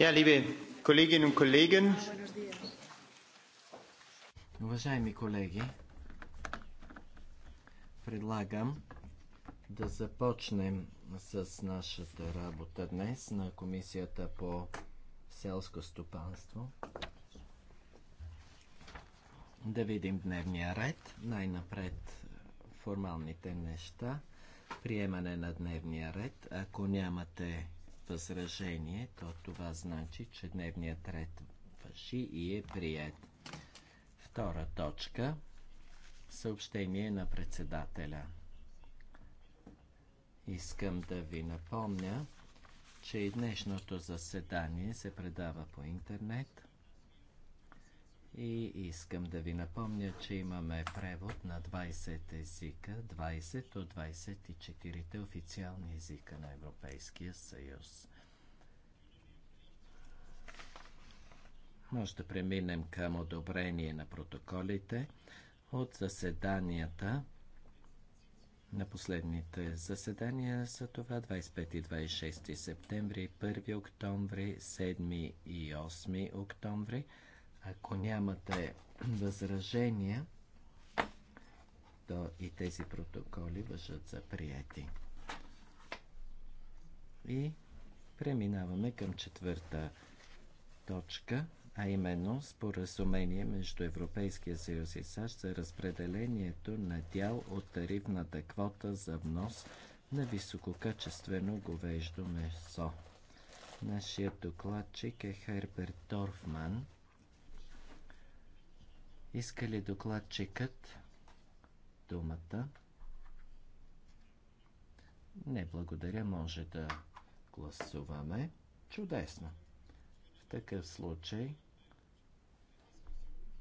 Ja, liebe Kolleginnen und Kollegen. Уважаеми колеги, предлагам да започнем с нашата работа днес на Комисията по селско стопанство. Да видим дневния ред. Най-напред формалните неща. Приемане на дневния ред. Ако нямате възражение, то това значи, че дневният ред върши и е прият. Втора точка съобщение на председателя. Искам да ви напомня, че и днешното заседание се предава по интернет – и искам да ви напомня, че имаме превод на 20 езика, 20 от 24-те официални езика на Европейския съюз. Може да преминем към одобрение на протоколите от заседанията на последните заседания са това 25 и 26 септември, 1 октомври, 7 и 8 октомври – ако нямате възражения, то и тези протоколи въжат за прияти. И преминаваме към четвърта точка, а именно споразумение между Европейския съюз и САЩ за разпределението на дял от тарифната квота за внос на висококачествено говеждо месо. Нашият докладчик е Херберт Торфман – иска ли докладчикът думата? Не, благодаря, може да гласуваме. Чудесно. В такъв случай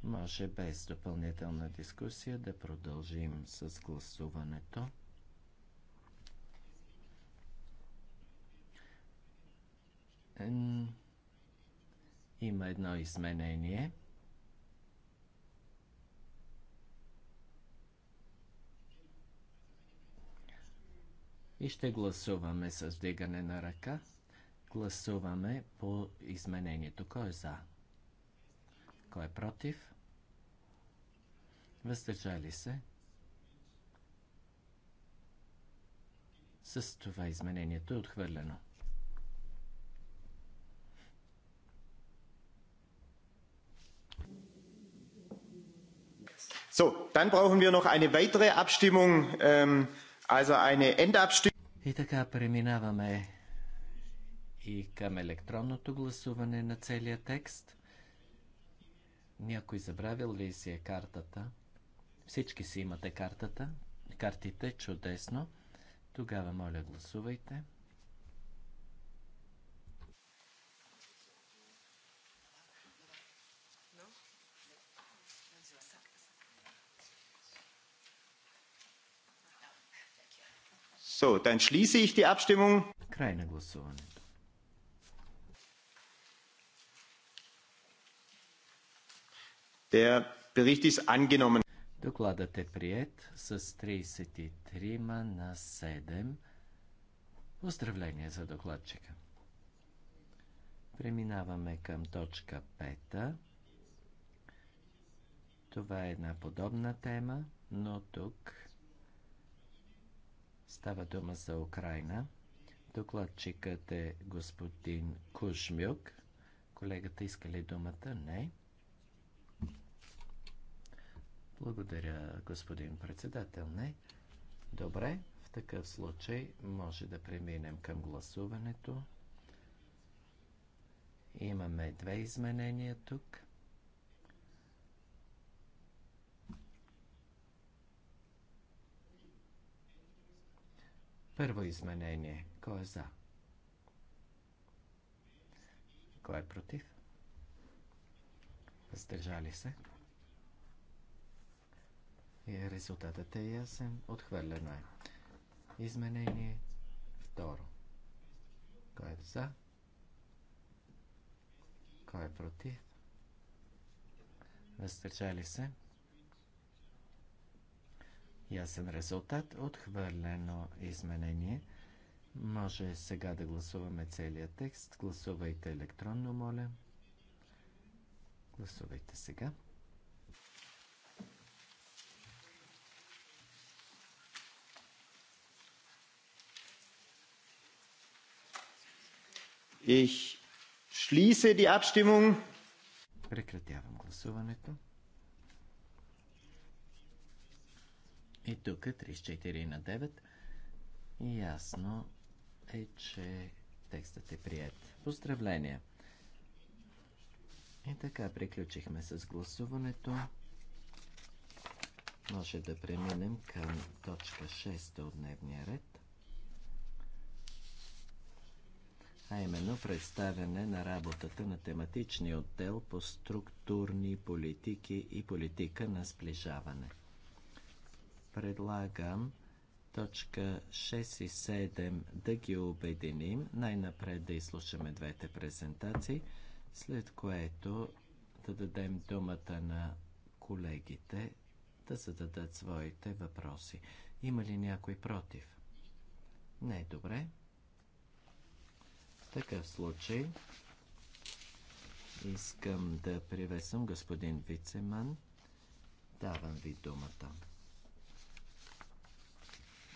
може без допълнителна дискусия да продължим с гласуването. Има едно изменение – и ще гласуваме с вдигане на ръка. Гласуваме по изменението. Кой е за? Кой е против? Въздържали се? С това изменението е отхвърлено. So, dann brauchen wir noch eine weitere Abstimmung. Ähm Also eine Endabstimmung. И така преминаваме и към електронното гласуване на целия текст. Някой забравил ли си е картата? Всички си имате картата. Картите чудесно. Тогава моля гласувайте. So, dann schließe ich die Abstimmung. Край на Der Bericht ist angenommen. Докладът е прият с 33 на 7. Поздравление за докладчика. Преминаваме към точка 5. Това е една подобна тема, но тук Става дума за Украина. Докладчикът е господин Кушмюк. Колегата иска ли думата? Не. Благодаря, господин председател. Не. Добре, в такъв случай може да преминем към гласуването. Имаме две изменения тук. Първо изменение. Кой е за? Кой е против? Въздържали се? И резултатът е ясен. Отхвърлено е. Изменение второ. Кой е за? Кой е против? Въздържали се? ясен резултат. от хвърлено изменение. Може сега да гласуваме целия текст. Гласувайте електронно, моля. Гласувайте сега. Ich schließe die Abstimmung. Прекратявам гласуването. И тук 34 на 9. И ясно е, че текстът е прият. Поздравления! И така приключихме с гласуването. Може да преминем към точка 6 от дневния ред. А именно представяне на работата на тематичния отдел по структурни политики и политика на сближаване предлагам точка 6 и 7 да ги обединим. Най-напред да изслушаме двете презентации, след което да дадем думата на колегите да зададат своите въпроси. Има ли някой против? Не, добре. В такъв случай искам да привесам господин Вицеман. Давам ви думата.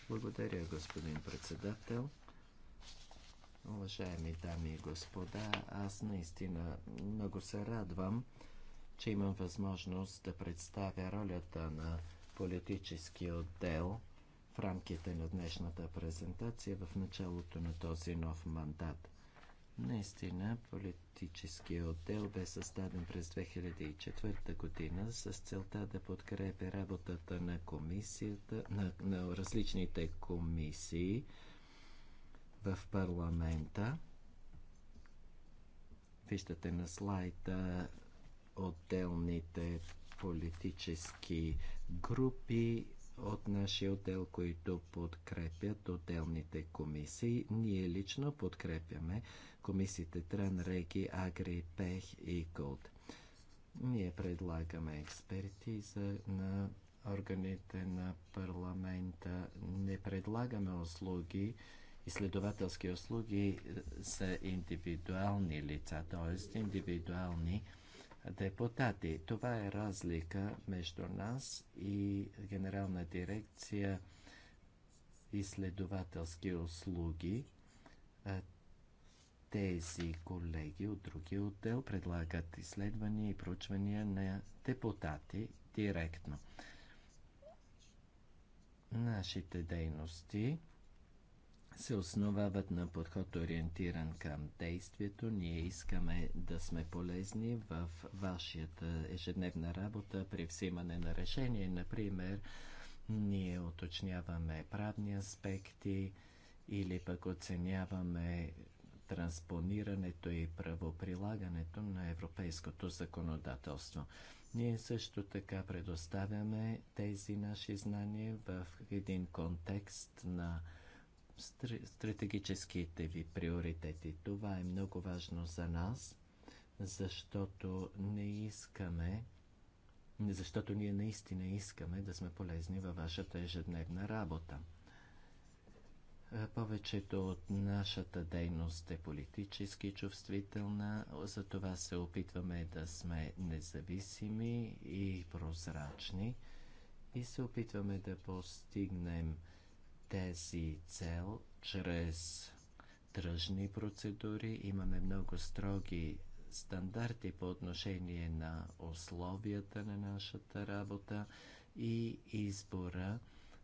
Благодаря, господин председател. Уважаеми дами и господа, аз наистина много се радвам, че имам възможност да представя ролята на политически отдел в рамките на днешната презентация в началото на този нов мандат. Наистина, политическият отдел бе създаден през 2004 година с целта да подкрепи работата на комисията, на, на различните комисии в парламента. Виждате на слайда отделните политически групи от нашия отдел, които подкрепят отделните комисии. Ние лично подкрепяме комисиите Тран, Реги, Агри, Пех и Голд. Ние предлагаме експертиза на органите на парламента. Не предлагаме услуги, изследователски услуги е, за индивидуални лица, т.е. индивидуални депутати. Това е разлика между нас и Генерална дирекция изследователски услуги. Тези колеги от други отдел предлагат изследвания и проучвания на депутати директно. Нашите дейности се основават на подход ориентиран към действието. Ние искаме да сме полезни в вашата ежедневна работа при взимане на решение. Например, ние уточняваме правни аспекти или пък оценяваме транспонирането и правоприлагането на европейското законодателство. Ние също така предоставяме тези наши знания в един контекст на стратегическите ви приоритети. Това е много важно за нас, защото не искаме защото ние наистина искаме да сме полезни във вашата ежедневна работа. Е, повечето от нашата дейност е политически чувствителна, затова се опитваме да сме независими и прозрачни и се опитваме да постигнем тези цел чрез тръжни процедури. Имаме много строги стандарти по отношение на условията на нашата работа и избора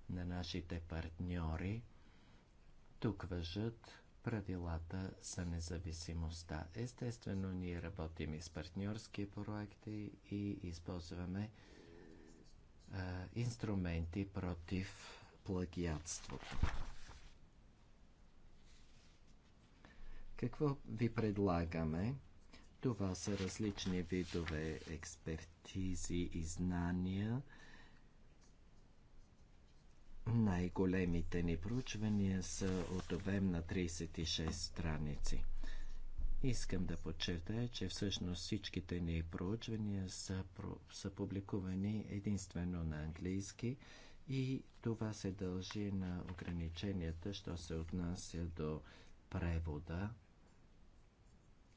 на нашите партньори. Тук въжат правилата за независимостта. Естествено, ние работим и с партньорски проекти и използваме а, инструменти против плагиатството. Какво ви предлагаме? Това са различни видове експертизи и знания. Най-големите ни проучвания са от обем на 36 страници. Искам да подчертая, че всъщност всичките ни проучвания са, са публикувани единствено на английски – и това се дължи на ограниченията, що се отнася до превода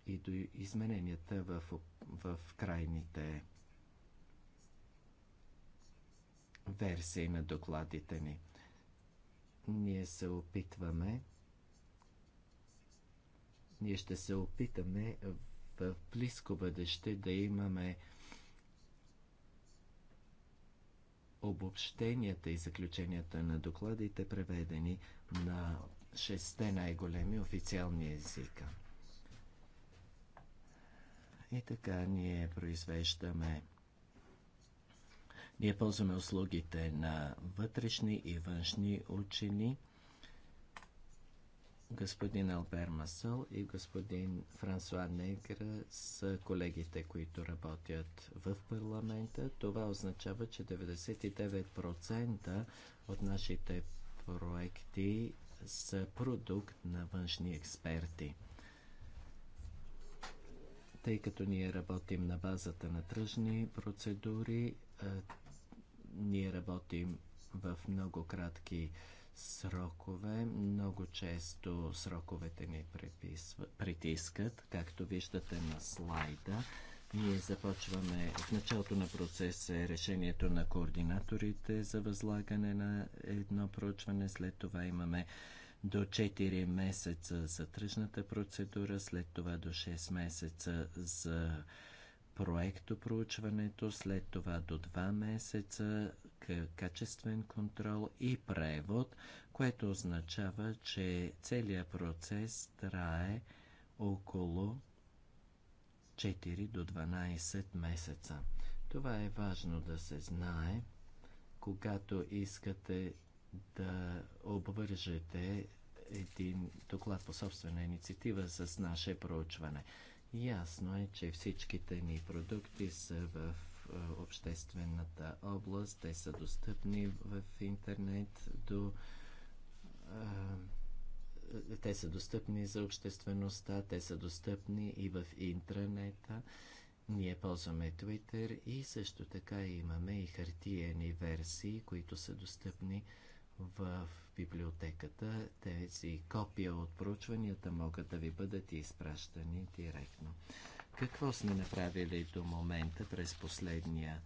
и до измененията в, в крайните версии на докладите ни. Ние се опитваме, ние ще се опитаме в близко бъдеще да имаме обобщенията и заключенията на докладите, преведени на шесте най-големи официални езика. И така ние произвеждаме ние ползваме услугите на вътрешни и външни учени – господин Албер Масъл и господин Франсуа Негра са колегите, които работят в парламента. Това означава, че 99% от нашите проекти са продукт на външни експерти. Тъй като ние работим на базата на тръжни процедури, ние работим в много кратки срокове. Много често сроковете ни притискат, както виждате на слайда. Ние започваме в началото на процеса е решението на координаторите за възлагане на едно проучване. След това имаме до 4 месеца за тръжната процедура, след това до 6 месеца за проекто проучването, след това до 2 месеца качествен контрол и превод, което означава, че целият процес трае около 4 до 12 месеца. Това е важно да се знае, когато искате да обвържете един доклад по собствена инициатива с наше проучване. Ясно е, че всичките ни продукти са в е, обществената област, те са достъпни в интернет до е, те са достъпни за обществеността, те са достъпни и в интранета, Ние ползваме Twitter и също така имаме и хартиени версии, които са достъпни в библиотеката. Тези копия от проучванията могат да ви бъдат изпращани директно. Какво сме направили до момента през последния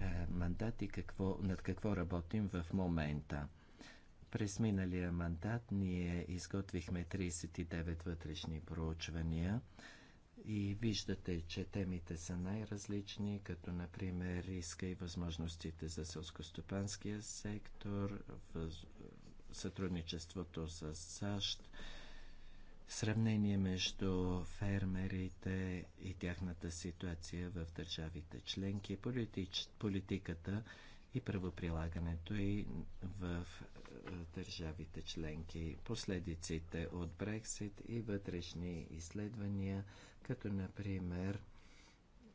е, мандат и какво, над какво работим в момента? През миналия мандат ние изготвихме 39 вътрешни проучвания. И виждате, че темите са най-различни, като например риска и възможностите за селскостопанския сектор, въз... сътрудничеството с САЩ, сравнение между фермерите и тяхната ситуация в държавите членки, политич... политиката и правоприлагането и в държавите членки, последиците от Брексит и вътрешни изследвания, като например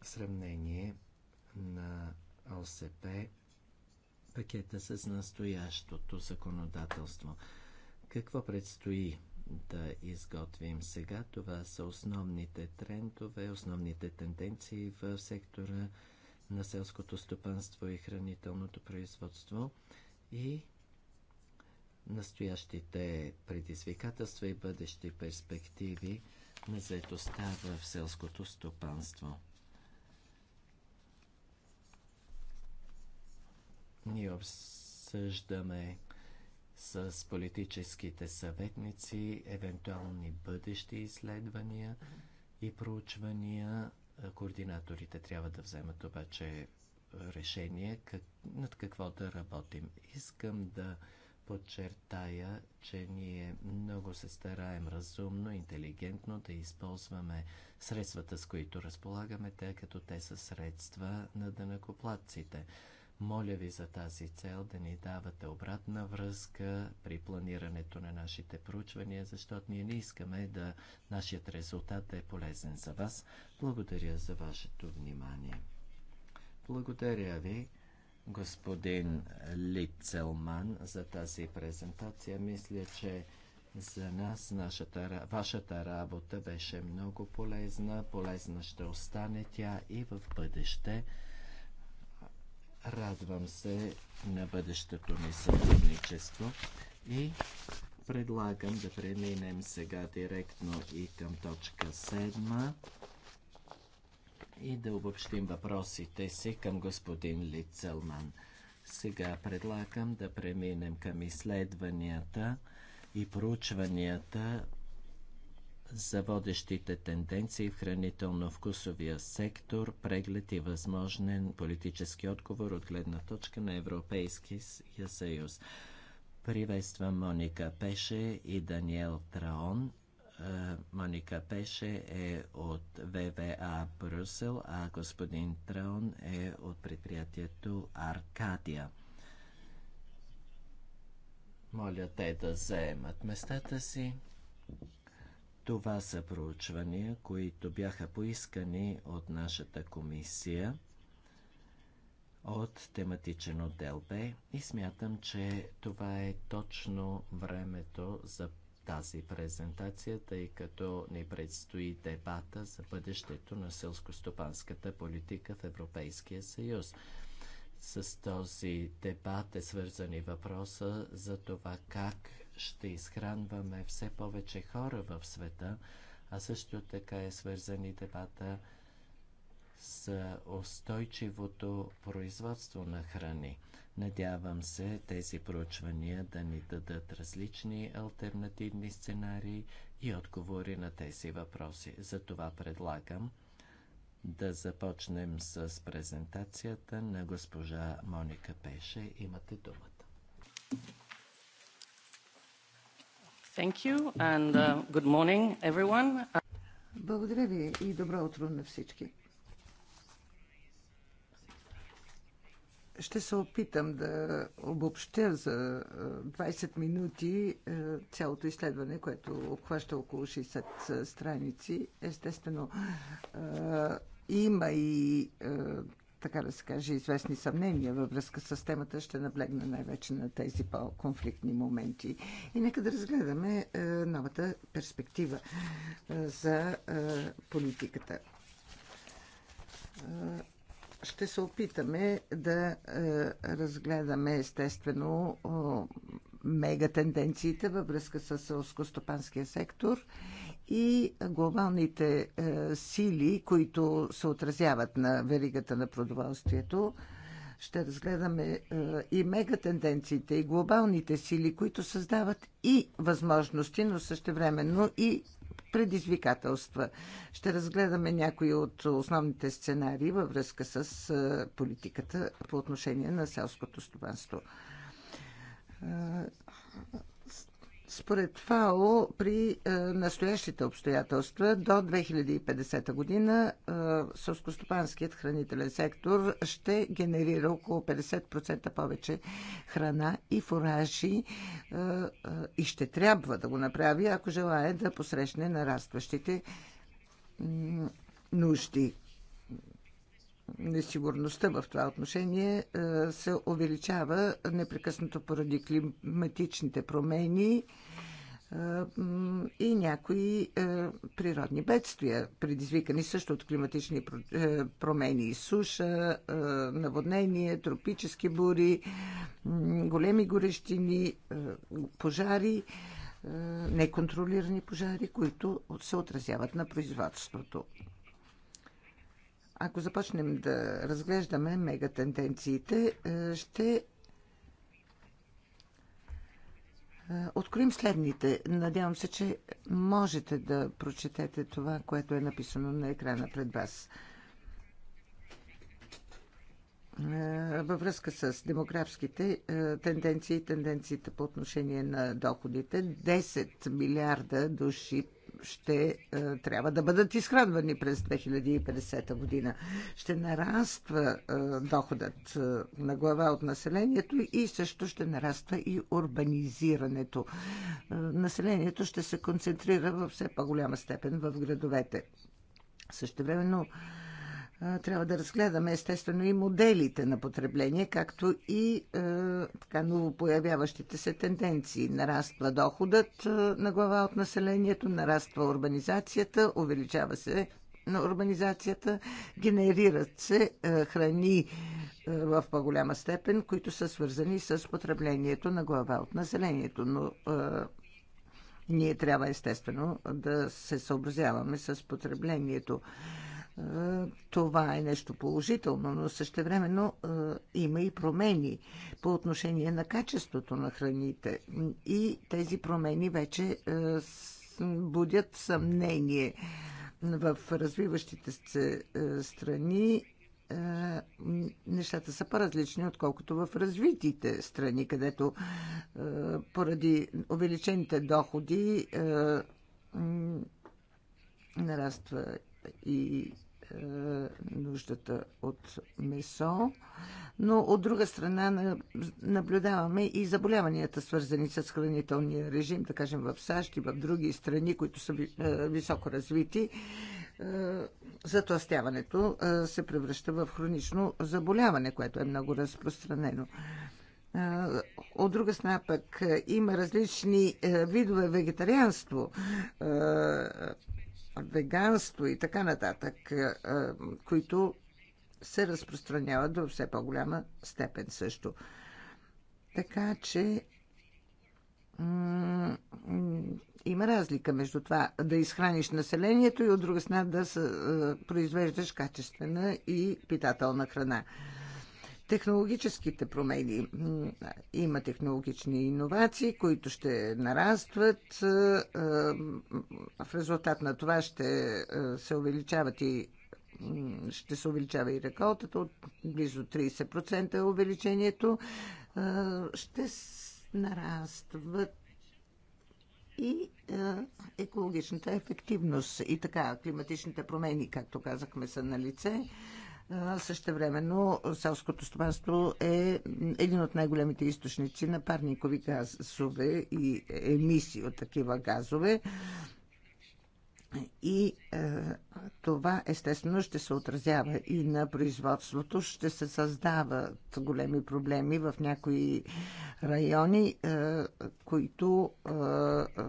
сравнение на ОСП пакета с настоящото законодателство. Какво предстои да изготвим сега? Това са основните трендове, основните тенденции в сектора на селското стопанство и хранителното производство и настоящите предизвикателства и бъдещи перспективи на заедостта в селското стопанство. Ние обсъждаме с политическите съветници евентуални бъдещи изследвания и проучвания. Координаторите трябва да вземат обаче решение как, над какво да работим. Искам да подчертая, че ние много се стараем разумно, интелигентно да използваме средствата, с които разполагаме, тъй като те са средства на дънакоплатците. Моля ви за тази цел да ни давате обратна връзка при планирането на нашите проучвания, защото ние не искаме да нашият резултат да е полезен за вас. Благодаря за вашето внимание. Благодаря ви господин Лицелман за тази презентация. Мисля, че за нас нашата, вашата работа беше много полезна. Полезна ще остане тя и в бъдеще. Радвам се на бъдещето ни сътрудничество и предлагам да преминем сега директно и към точка 7 и да обобщим въпросите си към господин Лицелман. Сега предлагам да преминем към изследванията и проучванията за водещите тенденции в хранително-вкусовия сектор, преглед и възможен политически отговор от гледна точка на Европейския съюз. Приветствам Моника Пеше и Даниел Траон е, Моника Пеше е от ВВА Брюсел, а господин Трон е от предприятието Аркадия. Моля те да заемат местата си. Това са проучвания, които бяха поискани от нашата комисия от тематичен отдел Б и смятам, че това е точно времето за тази презентация, тъй като ни предстои дебата за бъдещето на селскостопанската политика в Европейския съюз. С този дебат е свързан и въпроса за това как ще изхранваме все повече хора в света, а също така е свързан и дебата с устойчивото производство на храни. Надявам се тези проучвания да ни дадат различни альтернативни сценарии и отговори на тези въпроси. Затова предлагам да започнем с презентацията на госпожа Моника Пеше. Имате думата. Thank you and uh, good morning everyone. Благодаря ви и добро утро на всички. Ще се опитам да обобщя за 20 е, минути е, цялото изследване, което обхваща около 60 е, страници. Естествено, има и така да се каже, известни съмнения във връзка с темата, ще наблегна най-вече на тези по-конфликтни моменти. И нека да разгледаме новата перспектива за политиката ще се опитаме да е, разгледаме естествено мега тенденциите във връзка с селско-стопанския сектор и глобалните е, сили, които се отразяват на веригата на продоволствието. Ще разгледаме е, и мега тенденциите, и глобалните сили, които създават и възможности, но същевременно и предизвикателства. Ще разгледаме някои от основните сценарии във връзка с политиката по отношение на селското стопанство. Според ФАО, при е, настоящите обстоятелства до 2050 година е, сълскостопанският хранителен сектор ще генерира около 50% повече храна и фуражи е, и ще трябва да го направи, ако желая да посрещне нарастващите нужди несигурността в това отношение е, се увеличава непрекъснато поради климатичните промени е, и някои е, природни бедствия, предизвикани също от климатични промени. Суша, наводнение, тропически бури, големи горещини, пожари, неконтролирани пожари, които се отразяват на производството ако започнем да разглеждаме мегатенденциите, е, ще е, откроим следните. Надявам се, че можете да прочетете това, което е написано на екрана пред вас. Е, във връзка с демографските тенденции и тенденциите по отношение на доходите, 10 милиарда души ще е, трябва да бъдат изхранвани през 2050 година. Ще нараства е, доходът е, на глава от населението и също ще нараства и урбанизирането. Населението ще се концентрира в все по-голяма степен в градовете. Същевременно времено трябва да разгледаме естествено и моделите на потребление, както и е, така новопоявяващите се тенденции. Нараства доходът е, на глава от населението, нараства урбанизацията, увеличава се на урбанизацията, генерират се е, храни е, в по-голяма степен, които са свързани с потреблението на глава от населението. Но е, ние трябва естествено да се съобразяваме с потреблението. Това е нещо положително, но същевременно е, има и промени по отношение на качеството на храните. И тези промени вече е, будят съмнение в развиващите се е, страни нещата са по-различни, отколкото в развитите страни, където поради увеличените доходи нараства и е, нуждата от месо, но от друга страна наблюдаваме и заболяванията, свързани с хранителния режим, да кажем в САЩ и в други страни, които са е, високо развити. Е, затластяването се превръща в хронично заболяване, което е много разпространено. От друга страна пък има различни видове вегетарианство веганство и така нататък, е, е, които се разпространяват до все по-голяма степен също. Така че има разлика между това да изхраниш населението и от друга страна да е, произвеждаш качествена и питателна храна технологическите промени. Има технологични иновации, които ще нарастват. В резултат на това ще се увеличават и ще се увеличава и реколтата от близо 30% е увеличението. Ще нарастват и екологичната ефективност. И така, климатичните промени, както казахме, са на лице Същевременно селското стопанство е един от най-големите източници на парникови газове и емисии от такива газове. И е, това естествено ще се отразява и на производството. Ще се създават големи проблеми в някои райони, е, които е, е,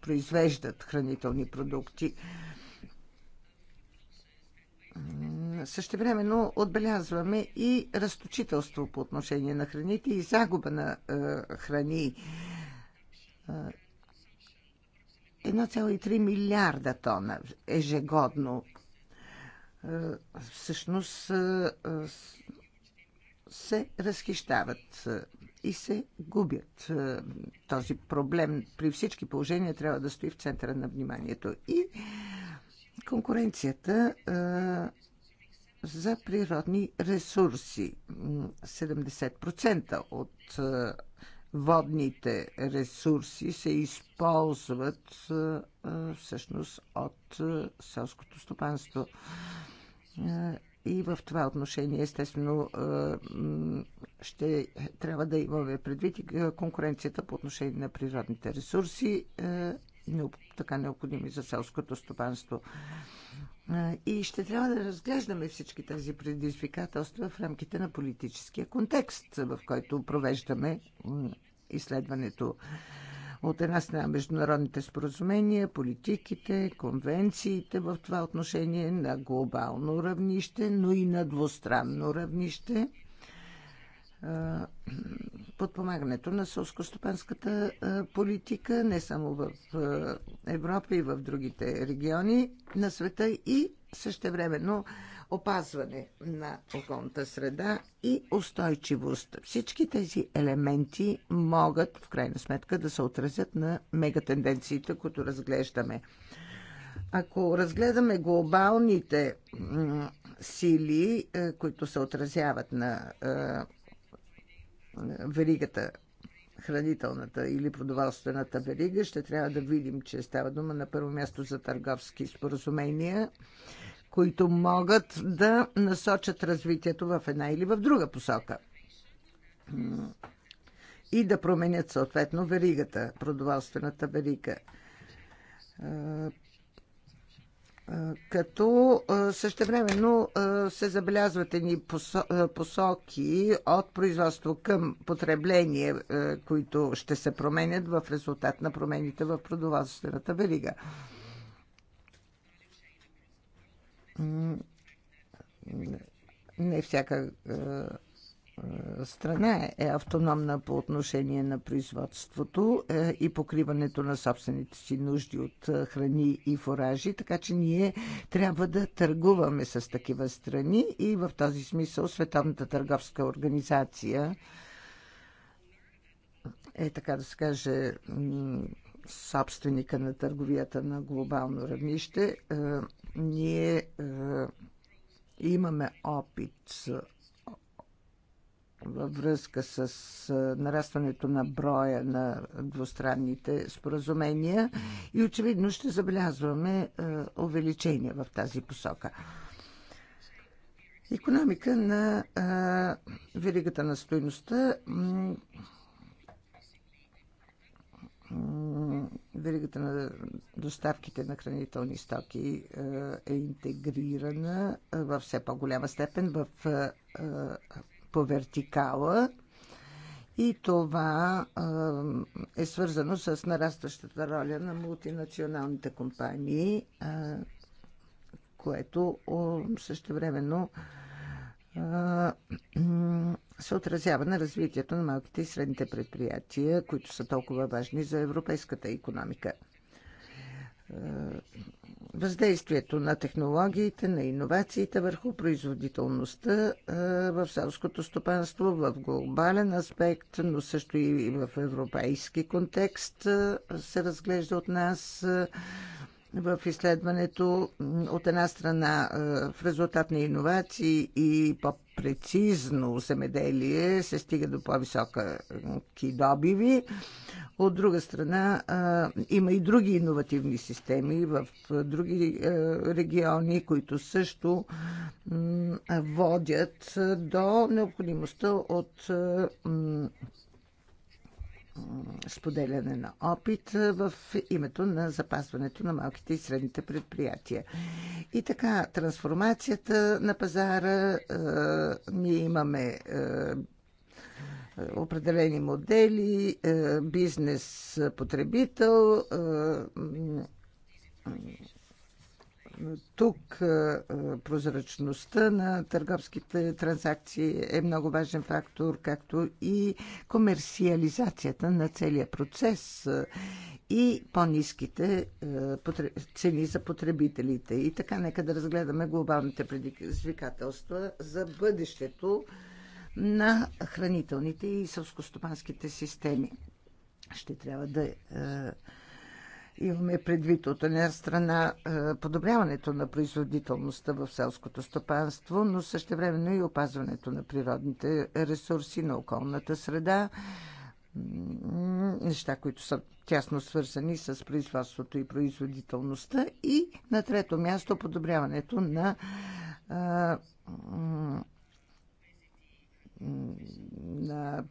произвеждат хранителни продукти. Същевременно отбелязваме и разточителство по отношение на храните и загуба на е, храни. 1,3 е, милиарда тона ежегодно. Е, всъщност се разхищават и се губят. Този проблем при всички положения трябва да стои в центъра на вниманието. И конкуренцията за природни ресурси. 70% от е, водните ресурси се използват е, е, всъщност от селското стопанство. И в това отношение, естествено, ще трябва да имаме предвид конкуренцията по отношение на природните ресурси така необходими за селското стопанство. И ще трябва да разглеждаме всички тези предизвикателства в рамките на политическия контекст, в който провеждаме изследването. От една страна международните споразумения, политиките, конвенциите в това отношение на глобално равнище, но и на двустранно равнище – подпомагането на сълскостопанската политика не само в Европа и в другите региони на света и същевременно опазване на околната среда и устойчивост. Всички тези елементи могат в крайна сметка да се отразят на мегатенденциите, които разглеждаме. Ако разгледаме глобалните сили, които се отразяват на веригата хранителната или продоволствената верига, ще трябва да видим, че става дума на първо място за търговски споразумения, които могат да насочат развитието в една или в друга посока и да променят съответно веригата, продоволствената верига като същевременно се забелязват едни посоки от производство към потребление, които ще се променят в резултат на промените в продоволствената верига. Не всяка е, страна е автономна по отношение на производството е, и покриването на собствените си нужди от е, храни и фуражи, така че ние трябва да търгуваме с такива страни и в този смисъл Световната търговска организация е така да се каже собственика на търговията на глобално равнище. Ние имаме опит във връзка с нарастването на броя на двустранните споразумения и очевидно ще забелязваме увеличение в тази посока. Економика на веригата на стоиността веригата на доставките на хранителни стоки е интегрирана в все по-голяма степен в по вертикала и това е свързано с нарастващата роля на мултинационалните компании, което същевременно се отразява на развитието на малките и средните предприятия, които са толкова важни за европейската економика въздействието на технологиите, на иновациите върху производителността в селското стопанство в глобален аспект, но също и в европейски контекст се разглежда от нас в изследването от една страна в резултат на иновации и по прецизно земеделие се стига до по-високи добиви. От друга страна, има и други иновативни системи в други региони, които също водят до необходимостта от споделяне на опит в името на запазването на малките и средните предприятия. И така, трансформацията на пазара, ние имаме определени модели, бизнес-потребител, тук прозрачността на търговските транзакции е много важен фактор, както и комерциализацията на целия процес и по-низките цени за потребителите. И така, нека да разгледаме глобалните предизвикателства за бъдещето на хранителните и сълскостопанските системи. Ще трябва да Имаме предвид от една страна е, подобряването на производителността в селското стопанство, но същевременно и опазването на природните ресурси, на околната среда, неща, които са тясно свързани с производството и производителността. И на трето място подобряването на на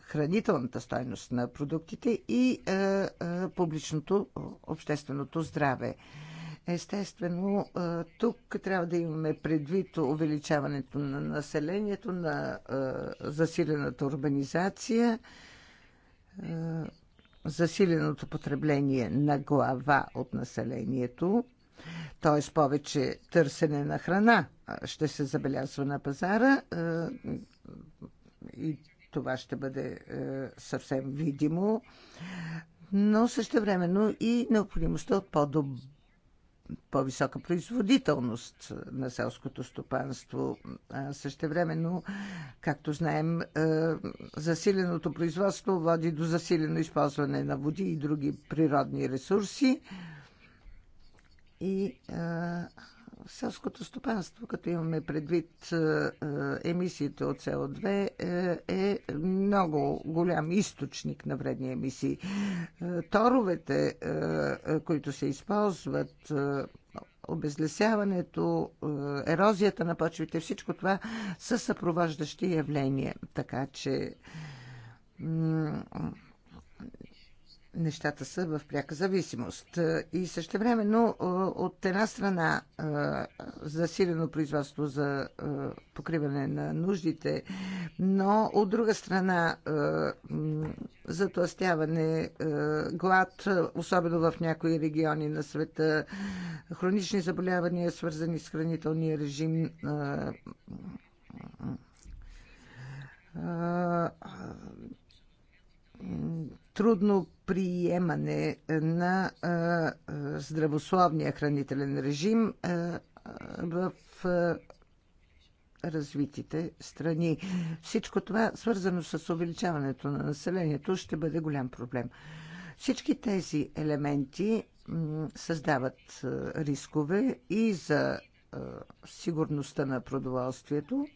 хранителната стойност на продуктите и е, е, публичното общественото здраве. Естествено, е, тук трябва да имаме предвид увеличаването на населението, на засилената урбанизация, засиленото потребление на глава от населението, т.е. повече търсене на храна ще се забелязва на пазара и това ще бъде е, съвсем видимо. Но времено и необходимостта от по по-висока производителност на селското стопанство. времено, както знаем, е, засиленото производство води до засилено използване на води и други природни ресурси. И е, селското стопанство, като имаме предвид е, е, емисиите от СО2, е, е много голям източник на вредни емисии. Торовете, които се използват, обезлесяването, ерозията на почвите, всичко това са съпровождащи явления. Така че нещата са в пряка зависимост. Е, и също времено е, от една страна е, засилено производство за покриване на нуждите, но от друга страна затластяване, глад, особено в някои региони на света, хронични заболявания, свързани с хранителния режим, трудно приемане на здравословния хранителен режим в развитите страни. Всичко това, свързано с увеличаването на населението, ще бъде голям проблем. Всички тези елементи създават рискове и за сигурността на продоволствието.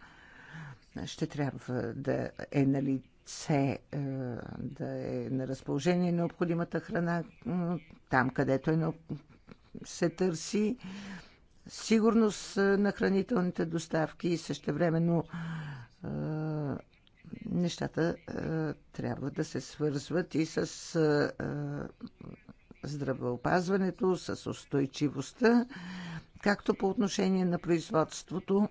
Ще трябва да е нали, лице е, да е на разположение необходимата храна там, където е, се търси сигурност е, на хранителните доставки и същевременно е, нещата трябва да се свързват и с здравеопазването, с устойчивостта, както по отношение на производството,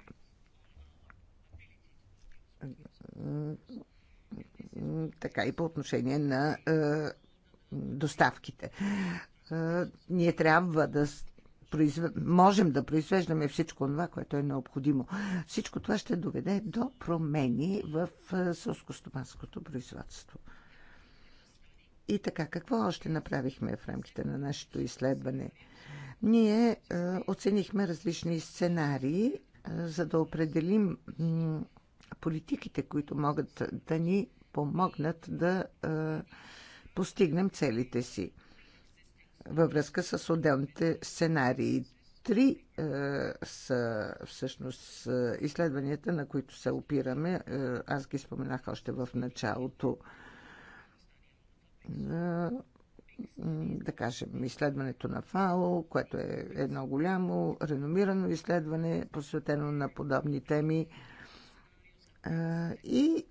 така и по отношение на е, доставките. Е, ние трябва да можем да произвеждаме всичко това, което е необходимо. Всичко това ще доведе до промени в е, сълскостопанското производство. И така, какво още направихме в рамките на нашето изследване? Ние е, оценихме различни сценарии, е, за да определим политиките, които могат да ни помогнат да постигнем целите си във връзка с отделните сценарии. Три а, са всъщност изследванията, на които се опираме. Аз ги споменах още в началото. Е, да кажем, изследването на ФАО, което е едно голямо, реномирано изследване, посветено на подобни теми. Е, и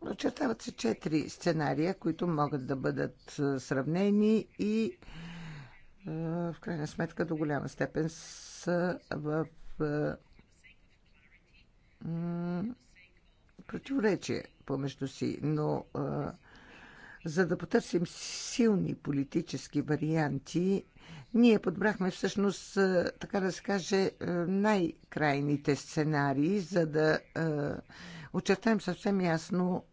очертават се четири сценария, които могат да бъдат сравнени и в крайна сметка до голяма степен са в противоречие помежду си, но за да потърсим силни политически варианти, ние подбрахме всъщност, така да се каже, най-крайните сценарии, за да очертаем съвсем ясно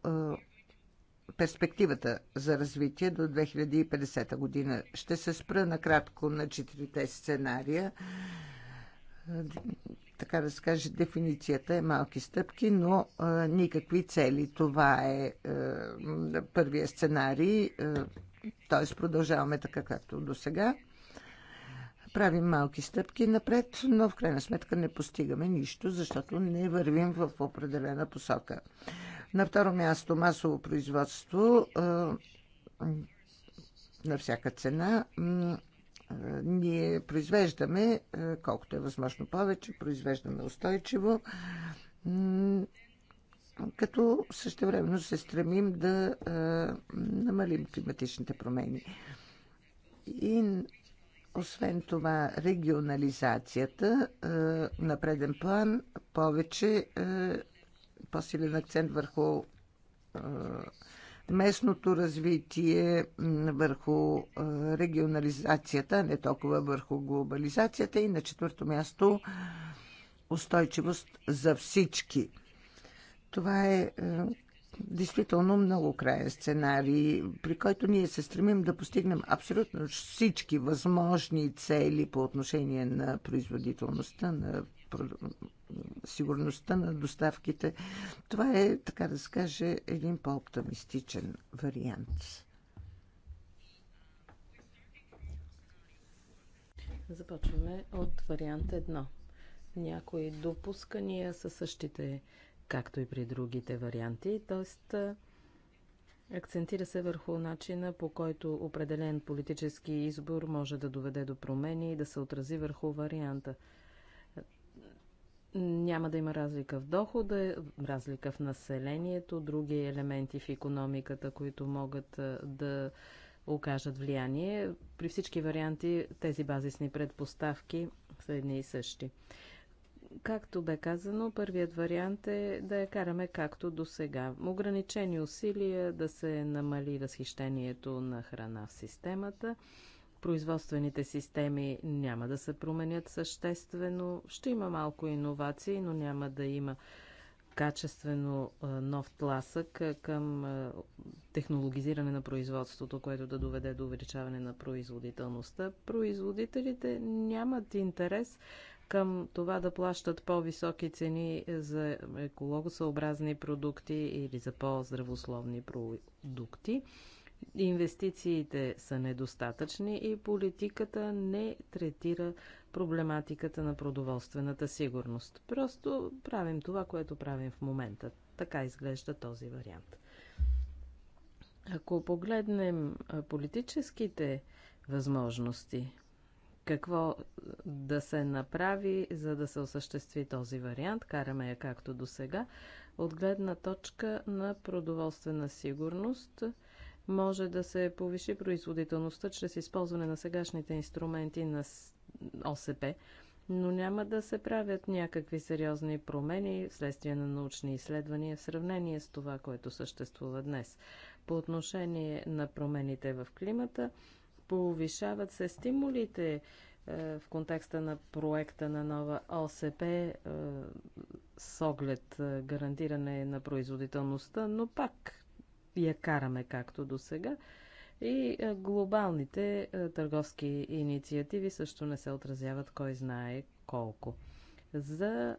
перспективата за развитие до 2050 година. Ще се спра накратко на четирите сценария. Така да се каже, дефиницията е малки стъпки, но а, никакви цели. Това е а, първия сценарий, т.е. продължаваме така както до сега правим малки стъпки напред, но в крайна сметка не постигаме нищо, защото не вървим в определена посока. На второ място масово производство на всяка цена. Ние произвеждаме, колкото е възможно повече, произвеждаме устойчиво, като същевременно се стремим да намалим климатичните промени. И освен това, регионализацията е, на преден план повече е, по-силен акцент върху е, местното развитие, върху регионализацията, не толкова върху глобализацията и на четвърто място устойчивост за всички. Това е действително много краен сценарий, при който ние се стремим да постигнем абсолютно всички възможни цели по отношение на производителността, на сигурността на доставките. Това е, така да се каже, един по-оптимистичен вариант. Започваме от вариант 1. Някои допускания са същите както и при другите варианти. Тоест, акцентира се върху начина по който определен политически избор може да доведе до промени и да се отрази върху варианта. Няма да има разлика в дохода, разлика в населението, други елементи в економиката, които могат да окажат влияние. При всички варианти тези базисни предпоставки са едни и същи. Както бе казано, първият вариант е да я караме както до сега. Ограничени усилия да се намали разхищението на храна в системата. Производствените системи няма да се променят съществено. Ще има малко иновации, но няма да има качествено нов тласък към технологизиране на производството, което да доведе до увеличаване на производителността. Производителите нямат интерес към това да плащат по-високи цени за екологосъобразни продукти или за по-здравословни продукти. Инвестициите са недостатъчни и политиката не третира проблематиката на продоволствената сигурност. Просто правим това, което правим в момента. Така изглежда този вариант. Ако погледнем политическите възможности, какво да се направи, за да се осъществи този вариант. Караме я както до сега. От гледна точка на продоволствена сигурност може да се повиши производителността чрез използване на сегашните инструменти на ОСП, но няма да се правят някакви сериозни промени вследствие на научни изследвания в сравнение с това, което съществува днес. По отношение на промените в климата, повишават се стимулите е, в контекста на проекта на нова ОСП е, с оглед е, гарантиране на производителността, но пак я караме както до сега. И глобалните търговски инициативи също не се отразяват кой знае колко. За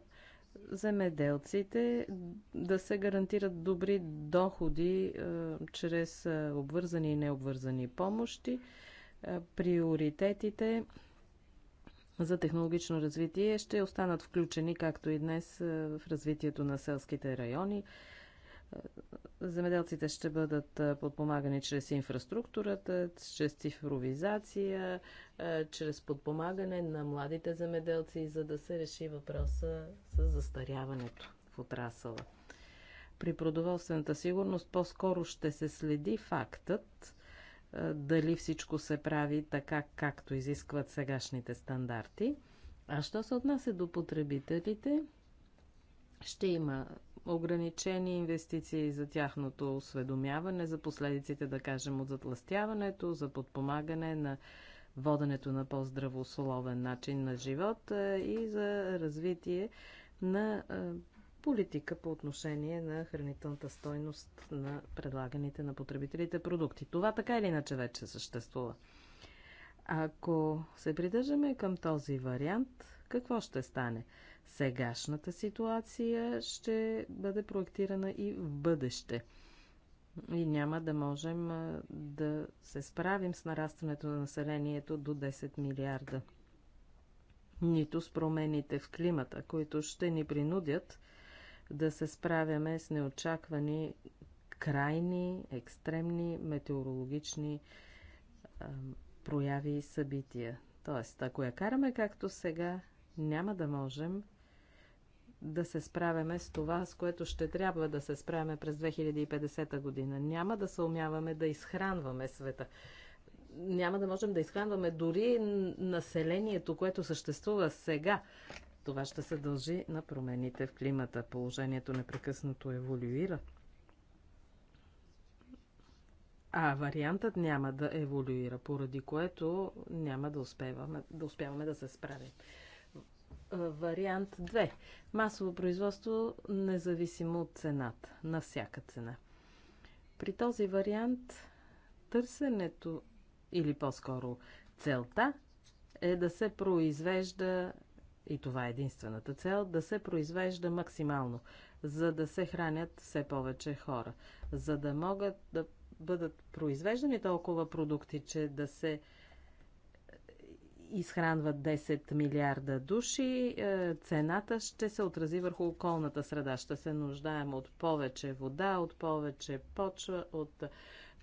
земеделците да се гарантират добри доходи чрез обвързани и необвързани помощи приоритетите за технологично развитие ще останат включени, както и днес, е, в развитието на селските райони. Е, земеделците ще бъдат е, подпомагани чрез инфраструктурата, чрез цифровизация, чрез подпомагане на младите земеделци, за да се реши въпроса с застаряването в отрасъла. При продоволствената сигурност по-скоро ще се следи фактът, дали всичко се прави така, както изискват сегашните стандарти. А що се отнася до потребителите, ще има ограничени инвестиции за тяхното осведомяване, за последиците, да кажем, от затластяването, за подпомагане на воденето на по-здравословен начин на живот и за развитие на политика по отношение на хранителната стойност на предлаганите на потребителите продукти. Това така или иначе вече съществува. Ако се придържаме към този вариант, какво ще стане? Сегашната ситуация ще бъде проектирана и в бъдеще. И няма да можем да се справим с нарастването на населението до 10 милиарда. Нито с промените в климата, които ще ни принудят да се справяме с неочаквани крайни, екстремни метеорологични а, прояви и събития. Тоест, ако я караме както сега, няма да можем да се справяме с това, с което ще трябва да се справяме през 2050 година. Няма да се умяваме да изхранваме света. Няма да можем да изхранваме дори населението, което съществува сега. Това ще се дължи на промените в климата. Положението непрекъснато еволюира. А вариантът няма да еволюира, поради което няма да успяваме да, успяваме да се справим. Вариант 2. Масово производство независимо от цената, на всяка цена. При този вариант търсенето или по-скоро целта е да се произвежда и това е единствената цел, да се произвежда максимално, за да се хранят все повече хора, за да могат да бъдат произвеждани толкова продукти, че да се изхранват 10 милиарда души, е, цената ще се отрази върху околната среда. Ще се нуждаем от повече вода, от повече почва, от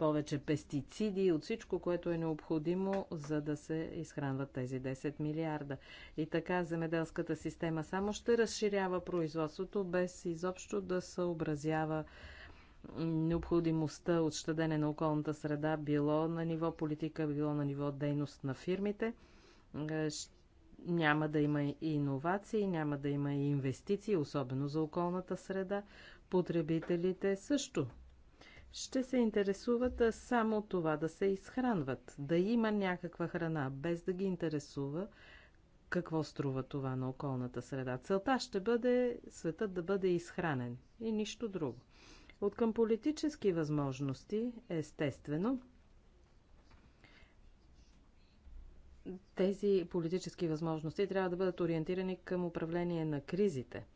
повече пестициди и от всичко, което е необходимо, за да се изхранват тези 10 милиарда. И така земеделската система само ще разширява производството, без изобщо да съобразява необходимостта от щадене на околната среда, било на ниво политика, било на ниво дейност на фирмите. Е, няма да има и иновации, няма да има и инвестиции, особено за околната среда. Потребителите също ще се интересуват само от това да се изхранват, да има някаква храна, без да ги интересува какво струва това на околната среда. Целта ще бъде светът да бъде изхранен и нищо друго. От към политически възможности, естествено, тези политически възможности трябва да бъдат ориентирани към управление на кризите –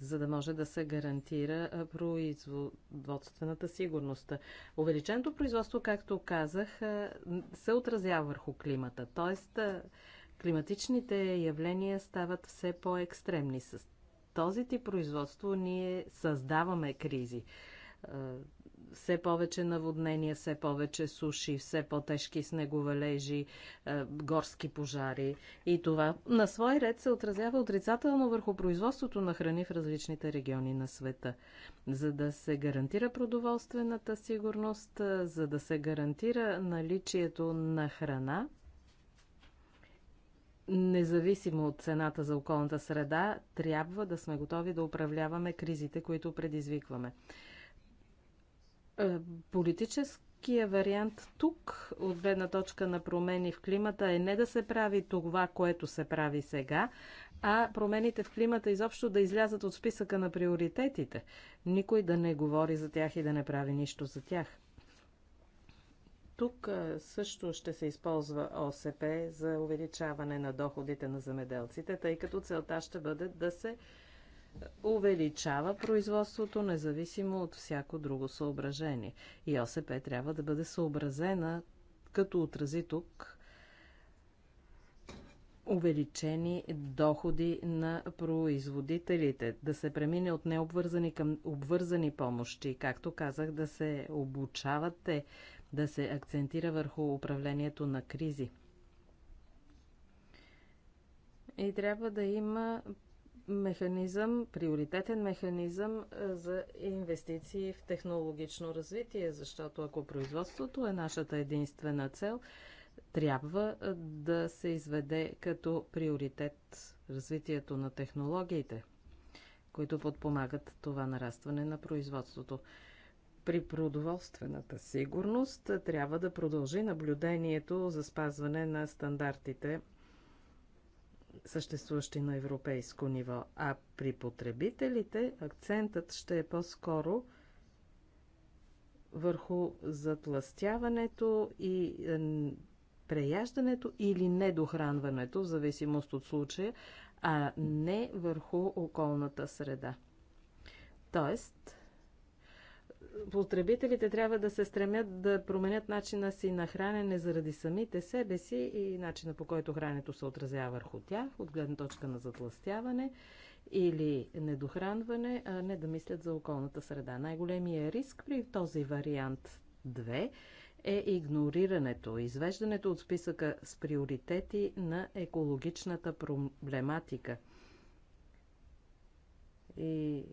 за да може да се гарантира производствената сигурност. Увеличеното производство, както казах, се отразява върху климата, т.е. климатичните явления стават все по-екстремни. С този тип производство ние създаваме кризи все повече наводнения, все повече суши, все по-тежки снеговалежи, е, горски пожари. И това на свой ред се отразява отрицателно върху производството на храни в различните региони на света. За да се гарантира продоволствената сигурност, е, за да се гарантира наличието на храна, независимо от цената за околната среда, трябва да сме готови да управляваме кризите, които предизвикваме. Е, политическия вариант тук, от гледна точка на промени в климата, е не да се прави това, което се прави сега, а промените в климата изобщо да излязат от списъка на приоритетите. Никой да не говори за тях и да не прави нищо за тях. Тук е, също ще се използва ОСП за увеличаване на доходите на земеделците, тъй като целта ще бъде да се увеличава производството, независимо от всяко друго съображение. И ОСП трябва да бъде съобразена, като отрази тук увеличени доходи на производителите, да се премине от необвързани към обвързани помощи, както казах, да се обучават те, да се акцентира върху управлението на кризи. И трябва да има механизъм, приоритетен механизъм е, за инвестиции в технологично развитие, защото ако производството е нашата единствена цел, трябва е, да се изведе като приоритет развитието на технологиите, които подпомагат това нарастване на производството. При продоволствената сигурност е, трябва да продължи наблюдението за спазване на стандартите съществуващи на европейско ниво. А при потребителите акцентът ще е по-скоро върху затластяването и е, преяждането или недохранването, в зависимост от случая, а не върху околната среда. Тоест, потребителите трябва да се стремят да променят начина си на хранене заради самите себе си и начина по който хрането се отразява върху тях, от гледна точка на затластяване или недохранване, а не да мислят за околната среда. Най-големия риск при този вариант 2 е игнорирането, извеждането от списъка с приоритети на екологичната проблематика. И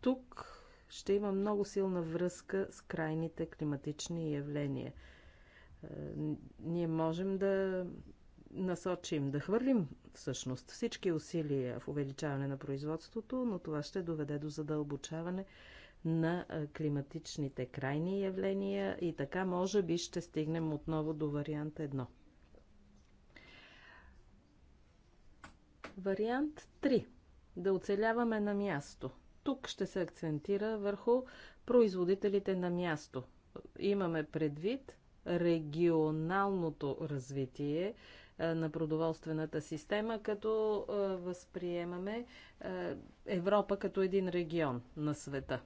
тук ще има много силна връзка с крайните климатични явления. Е, ние можем да насочим, да хвърлим всъщност всички усилия в увеличаване на производството, но това ще доведе до задълбочаване на е, климатичните крайни явления и така може би ще стигнем отново до вариант 1. Вариант 3. Да оцеляваме на място. Тук ще се акцентира върху производителите на място. Имаме предвид регионалното развитие е, на продоволствената система, като е, възприемаме е, Европа като един регион на света.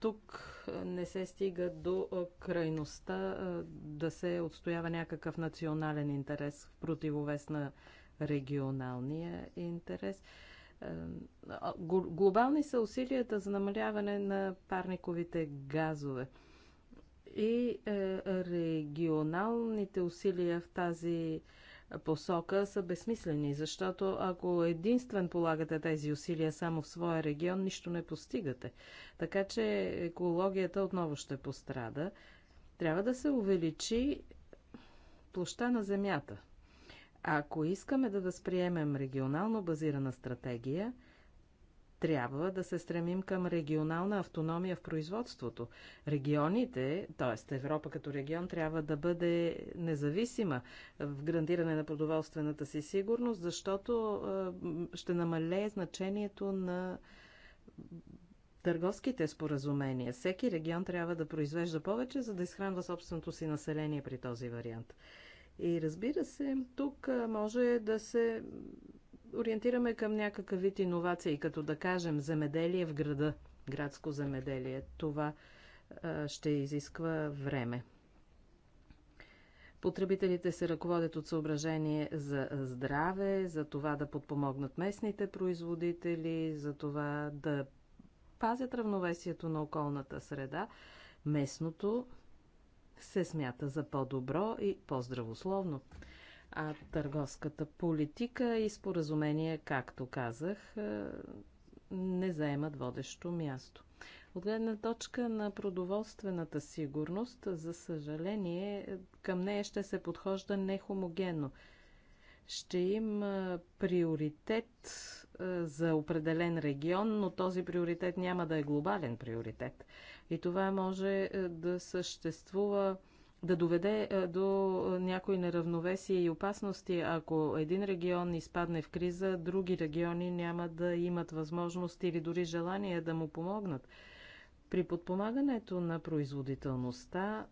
Тук не се стига до крайността да се отстоява някакъв национален интерес в противовес на регионалния интерес. Глобални са усилията за намаляване на парниковите газове и е, регионалните усилия в тази посока са безсмислени, защото ако единствен полагате тези усилия само в своя регион, нищо не постигате. Така че екологията отново ще пострада. Трябва да се увеличи площа на земята. Ако искаме да възприемем регионално базирана стратегия, трябва да се стремим към регионална автономия в производството. Регионите, т.е. Европа като регион, трябва да бъде независима в гарантиране на продоволствената си сигурност, защото ще намалее значението на търговските споразумения. Всеки регион трябва да произвежда повече, за да изхранва собственото си население при този вариант. И разбира се, тук може да се ориентираме към някакъв вид иновации, като да кажем земеделие в града, градско земеделие. Това ще изисква време. Потребителите се ръководят от съображение за здраве, за това да подпомогнат местните производители, за това да пазят равновесието на околната среда. Местното се смята за по-добро и по-здравословно. А търговската политика и споразумение, както казах, е, не заемат водещо място. От гледна точка на продоволствената сигурност, за съжаление, към нея ще се подхожда нехомогенно. Ще има е, приоритет е, за определен регион, но този приоритет няма да е глобален приоритет. И това може е, да съществува да доведе е, до е, някои неравновесия и опасности. Ако един регион изпадне в криза, други региони няма да имат възможност или дори желание да му помогнат. При подпомагането на производителността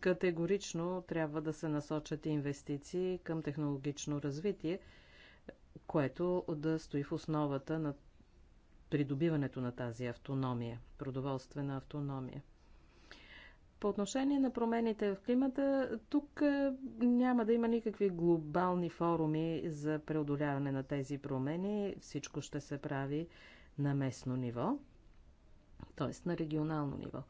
категорично трябва да се насочат инвестиции към технологично развитие, което да стои в основата на придобиването на тази автономия, продоволствена автономия. По отношение на промените в климата, тук е, няма да има никакви глобални форуми за преодоляване на тези промени. Всичко ще се прави на местно ниво, т.е. на регионално ниво.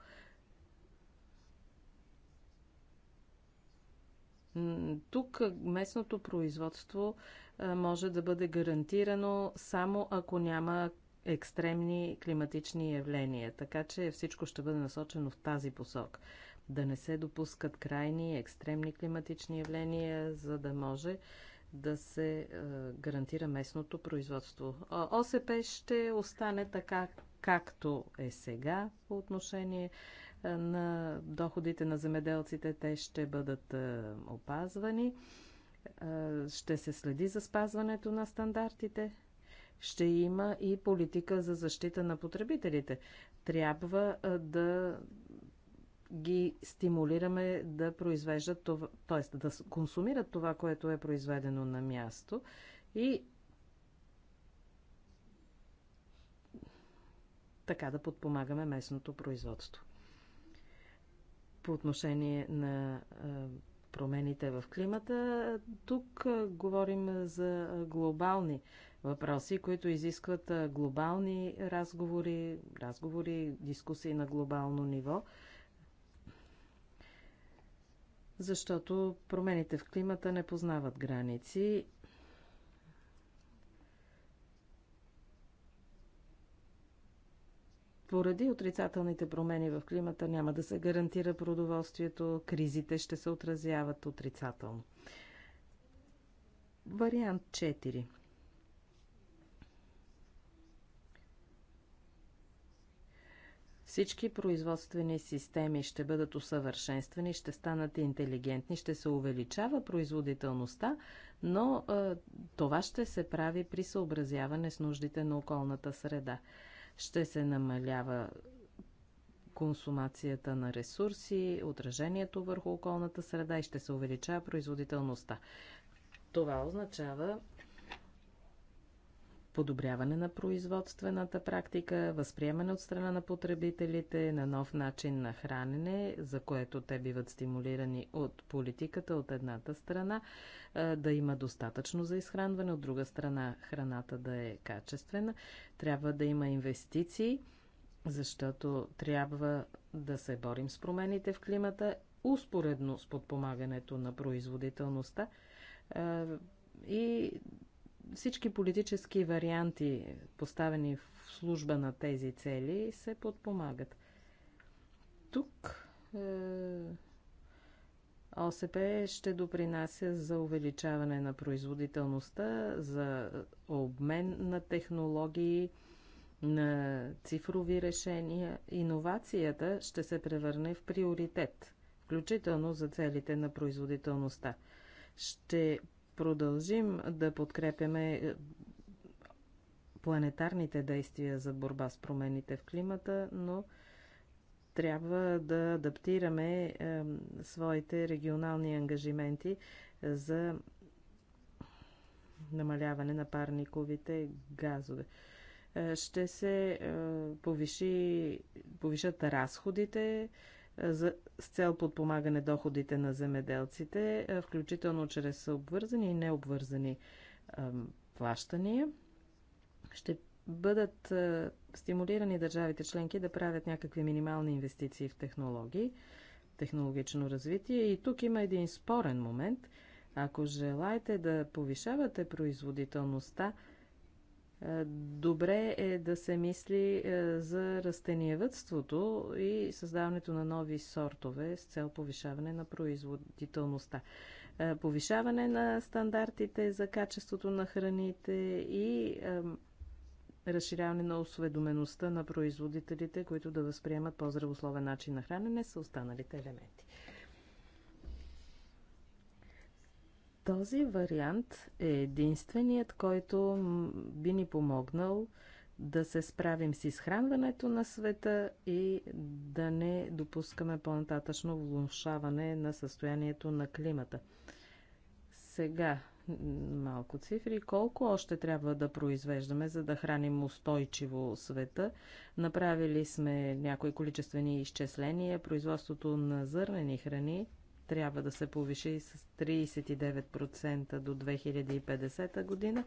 Тук местното производство е, може да бъде гарантирано само ако няма екстремни климатични явления. Така че всичко ще бъде насочено в тази посок. Да не се допускат крайни екстремни климатични явления, за да може да се е, гарантира местното производство. ОСП ще остане така, както е сега по отношение е, на доходите на земеделците. Те ще бъдат е, опазвани. Ще се следи за спазването на стандартите ще има и политика за защита на потребителите. Трябва да ги стимулираме да произвеждат това, т.е. да консумират това, което е произведено на място и така да подпомагаме местното производство. По отношение на промените в климата, тук говорим за глобални въпроси, които изискват глобални разговори, разговори, дискусии на глобално ниво, защото промените в климата не познават граници Поради отрицателните промени в климата няма да се гарантира продоволствието, кризите ще се отразяват отрицателно. Вариант 4. Всички производствени системи ще бъдат усъвършенствани, ще станат интелигентни, ще се увеличава производителността, но е, това ще се прави при съобразяване с нуждите на околната среда. Ще се намалява консумацията на ресурси, отражението върху околната среда и ще се увеличава производителността. Това означава подобряване на производствената практика, възприемане от страна на потребителите на нов начин на хранене, за което те биват стимулирани от политиката от едната страна, да има достатъчно за изхранване, от друга страна храната да е качествена, трябва да има инвестиции, защото трябва да се борим с промените в климата, успоредно с подпомагането на производителността и всички политически варианти, поставени в служба на тези цели, се подпомагат. Тук е, ОСП ще допринася за увеличаване на производителността, за обмен на технологии, на цифрови решения. Иновацията ще се превърне в приоритет, включително за целите на производителността. Ще продължим да подкрепяме е, планетарните действия за борба с промените в климата, но трябва да адаптираме е, своите регионални ангажименти за намаляване на парниковите газове. Е, ще се е, повиши, повишат разходите, е, за, с цел подпомагане доходите на земеделците, е, включително чрез обвързани и необвързани плащания. Ще бъдат е, стимулирани държавите членки да правят някакви минимални инвестиции в технологии, технологично развитие. И тук има един спорен момент. Ако желаете да повишавате производителността, Добре е да се мисли е, за растениевътството и създаването на нови сортове с цел повишаване на производителността. Е, повишаване на стандартите за качеството на храните и е, разширяване на осведомеността на производителите, които да възприемат по-здравословен начин на хранене, са останалите елементи. Този вариант е единственият, който би ни помогнал да се справим с изхранването на света и да не допускаме по-нататъчно влушаване на състоянието на климата. Сега малко цифри. Колко още трябва да произвеждаме, за да храним устойчиво света? Направили сме някои количествени изчисления. Производството на зърнени храни трябва да се повиши с 39% до 2050 година,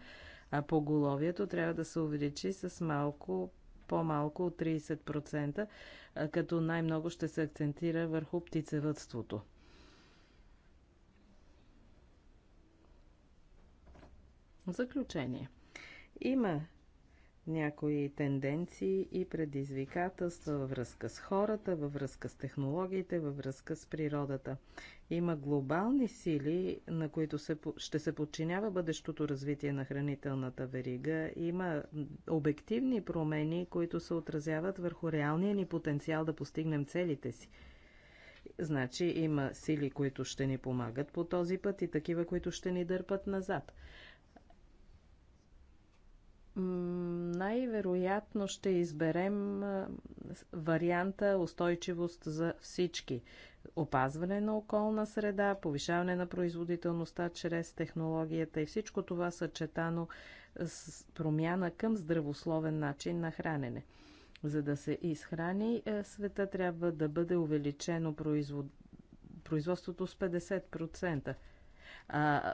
а поголовието трябва да се увеличи с малко по-малко от 30%, като най-много ще се акцентира върху птицевътството. Заключение. Има някои тенденции и предизвикателства във връзка с хората, във връзка с технологиите, във връзка с природата. Има глобални сили, на които се, ще се подчинява бъдещото развитие на хранителната верига. Има обективни промени, които се отразяват върху реалния ни потенциал да постигнем целите си. Значи има сили, които ще ни помагат по този път и такива, които ще ни дърпат назад най-вероятно ще изберем варианта устойчивост за всички. Опазване на околна среда, повишаване на производителността чрез технологията и всичко това съчетано с промяна към здравословен начин на хранене. За да се изхрани е, света, трябва да бъде увеличено производ... производството с 50%. А,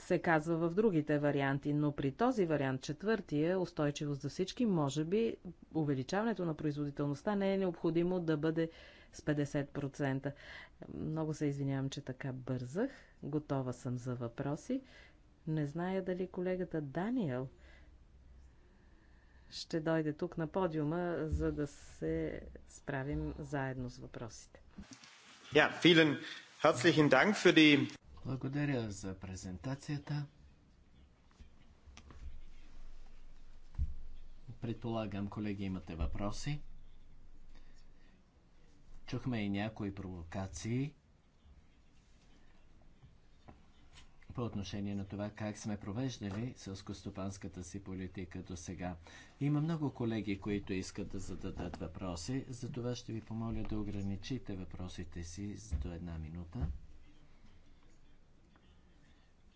се казва в другите варианти, но при този вариант, четвъртия, устойчивост за всички, може би увеличаването на производителността не е необходимо да бъде с 50%. Много се извинявам, че така бързах. Готова съм за въпроси. Не зная дали колегата Даниел ще дойде тук на подиума, за да се справим заедно с въпросите. Yeah, vielen herzlichen Dank für die благодаря за презентацията. Предполагам, колеги, имате въпроси. Чухме и някои провокации по отношение на това как сме провеждали селскостопанската си политика до сега. Има много колеги, които искат да зададат въпроси, затова ще ви помоля да ограничите въпросите си до една минута.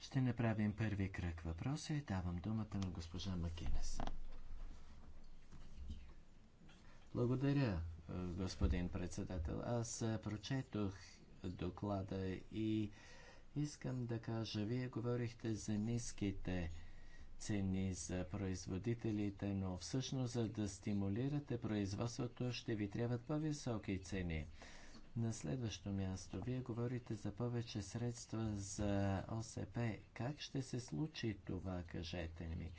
Ще направим първи кръг въпроса и давам думата на госпожа Макинес. Благодаря, господин председател. Аз прочетох доклада и искам да кажа, вие говорихте за ниските цени за производителите, но всъщност за да стимулирате производството ще ви трябват по-високи цени. На следващо място, вие говорите за повече средства за ОСП. Как ще се случи това, кажете ми?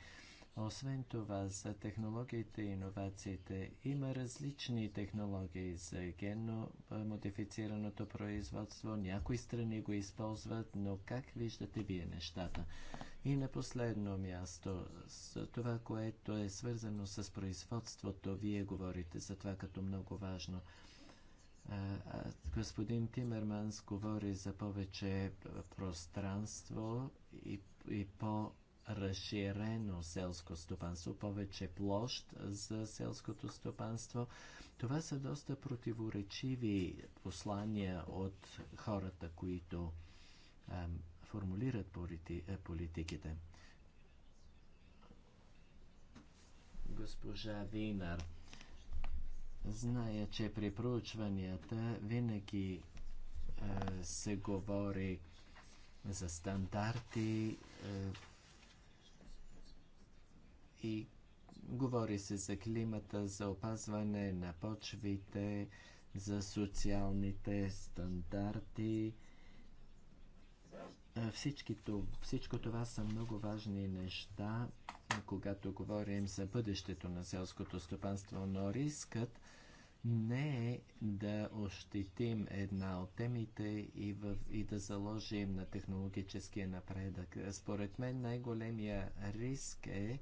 Освен това, за технологиите и иновациите има различни технологии за генно модифицираното производство. Някои страни го използват, но как виждате вие нещата? И на последно място, с това, което е свързано с производството, вие говорите за това като много важно – Господин Тимерманс говори за повече пространство и, и по-разширено селско стопанство, повече площ за селското стопанство. Това са доста противоречиви послания от хората, които а, формулират полити, а, политиките. Госпожа Винар Зная, че при проучванията винаги е, се говори за стандарти е, и говори се за климата, за опазване на почвите, за социалните стандарти. Е, всички, всичко това са много важни неща когато говорим за бъдещето на селското стопанство, но рискът не е да ощетим една от темите и, в, и да заложим на технологическия напредък. Според мен най-големия риск е,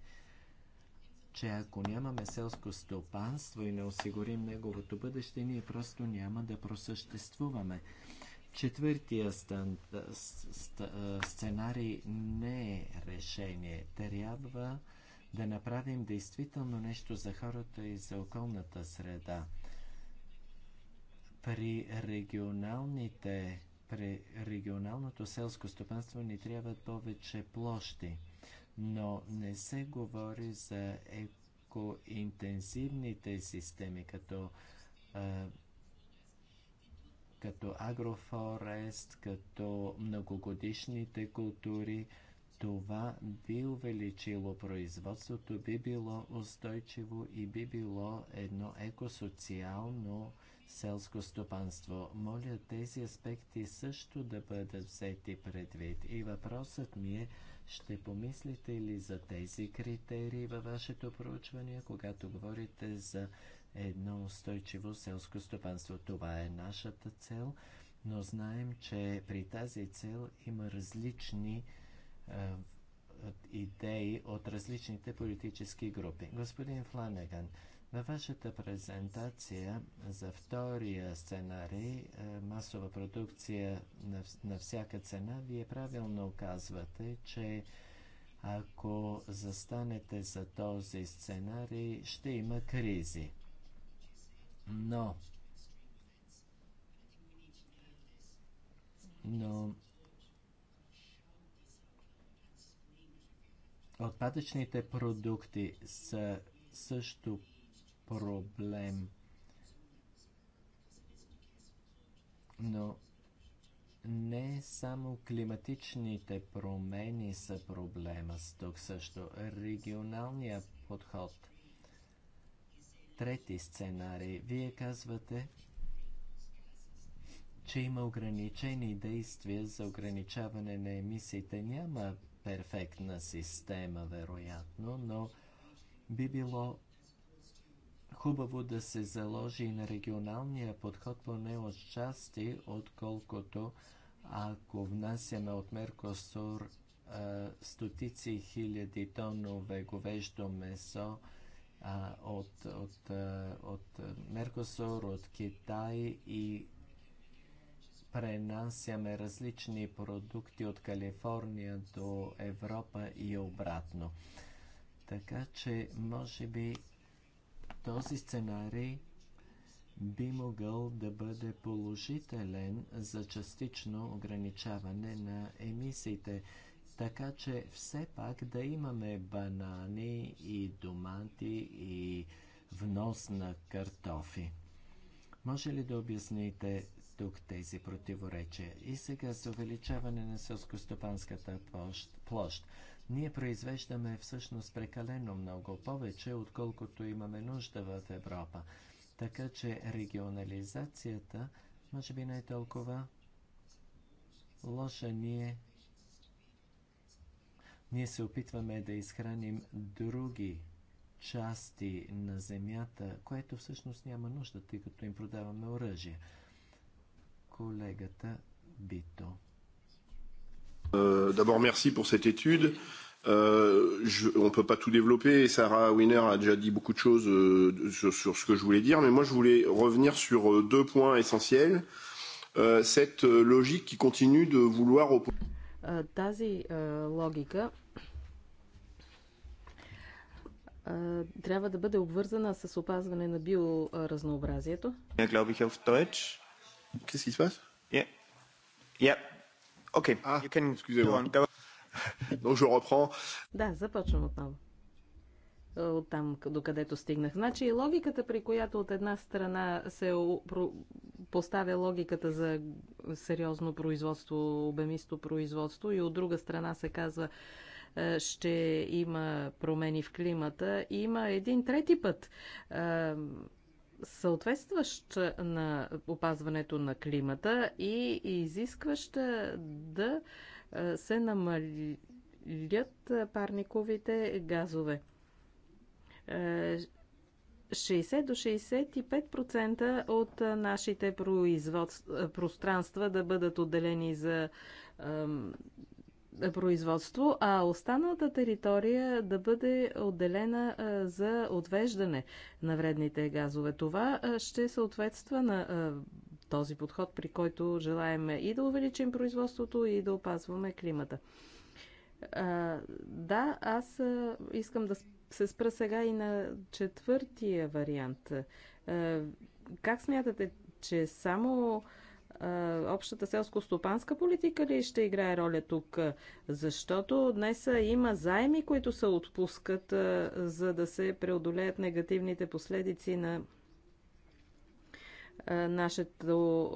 че ако нямаме селско стопанство и не осигурим неговото бъдеще, ние просто няма да просъществуваме. Четвъртия ст, сценарий не е решение. Трябва да направим действително нещо за хората и за околната среда. При регионалните при регионалното селско стопанство ни трябват повече площи, но не се говори за екоинтензивните системи, като като агрофорест, като многогодишните култури. Това би увеличило производството, би било устойчиво и би било едно екосоциално селско стопанство. Моля тези аспекти също да бъдат взети предвид. И въпросът ми е, ще помислите ли за тези критерии във вашето проучване, когато говорите за едно устойчиво селско стопанство. Това е нашата цел, но знаем, че при тази цел има различни а, е, идеи от различните политически групи. Господин Фланеган, във вашата презентация за втория сценарий е, масова продукция на, на всяка цена, вие правилно казвате, че ако застанете за този сценарий, ще има кризи. Но, но отпадъчните продукти са също проблем. Но не само климатичните промени са проблема тук също. регионалния подход трети сценарий. Вие казвате, че има ограничени действия за ограничаване на емисиите. Няма перфектна система, вероятно, но би било хубаво да се заложи на регионалния подход поне от части, отколкото ако внасяме от Меркосур стотици хиляди тонове говеждо месо, а, от, от, от Меркосур, от Китай и пренасяме различни продукти от Калифорния до Европа и обратно. Така че, може би, този сценарий би могъл да бъде положителен за частично ограничаване на емисиите. Така че все пак да имаме банани и домати и внос на картофи. Може ли да обясните тук тези противоречия? И сега за увеличаване на селскостопанската площ. Ние произвеждаме всъщност прекалено много повече, отколкото имаме нужда в Европа. Така че регионализацията може би не е толкова лоша. Ние ние се опитваме да изхраним други части на земята, което всъщност няма нужда, тъй като им продаваме оръжие. Колегата Бито. D'abord, merci pour cette étude. Euh, je, on ne peut pas tout développer. Et Sarah Wiener a déjà dit beaucoup de choses euh, sur, sur ce que je voulais dire, mais moi je voulais revenir sur euh, deux points essentiels. Euh, cette euh, logique qui continue de vouloir opposer. Euh, euh, logique трябва да бъде обвързана с опазване на биоразнообразието. Е, я glaube ich auf Deutsch. Das ist was? Ja. Ja. Okay. Ah, you can excusez je reprends. Да, започвам отново. От там, докъдето стигнах. Значи логиката, при която от една страна се поставя логиката за сериозно производство, обемисто производство и от друга страна се казва е, ще има промени в климата. И има един трети път, е, съответстващ на опазването на климата и изискващ да е, се намалят парниковите газове. 60 до 65% от нашите пространства да бъдат отделени за производство, а останалата територия да бъде отделена за отвеждане на вредните газове. Това ще съответства на този подход, при който желаем и да увеличим производството, и да опазваме климата. Да, аз искам да се спра сега и на четвъртия вариант. Как смятате, че само общата селско-стопанска политика ли ще играе роля тук? Защото днес има заеми, които се отпускат, за да се преодолеят негативните последици на нашето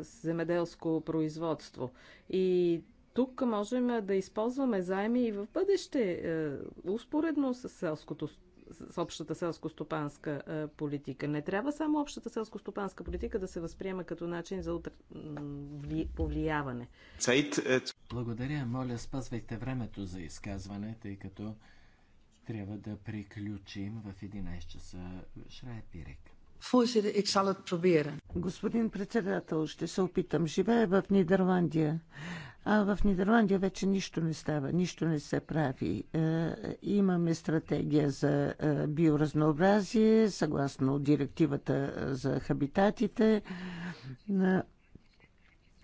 земеделско производство. И тук можем да използваме заеми и в бъдеще, успоредно с селското стопанство с общата селско-стопанска политика. Не трябва само общата селско-стопанска политика да се възприема като начин за повлияване. Е, Благодаря. Моля, спазвайте времето за изказване, тъй като трябва да приключим в 11 часа. Шрая Пирек. Господин председател, ще се опитам. Живея в Нидерландия. А в Нидерландия вече нищо не става, нищо не се прави. Е, имаме стратегия за е, биоразнообразие, съгласно директивата е, за хабитатите.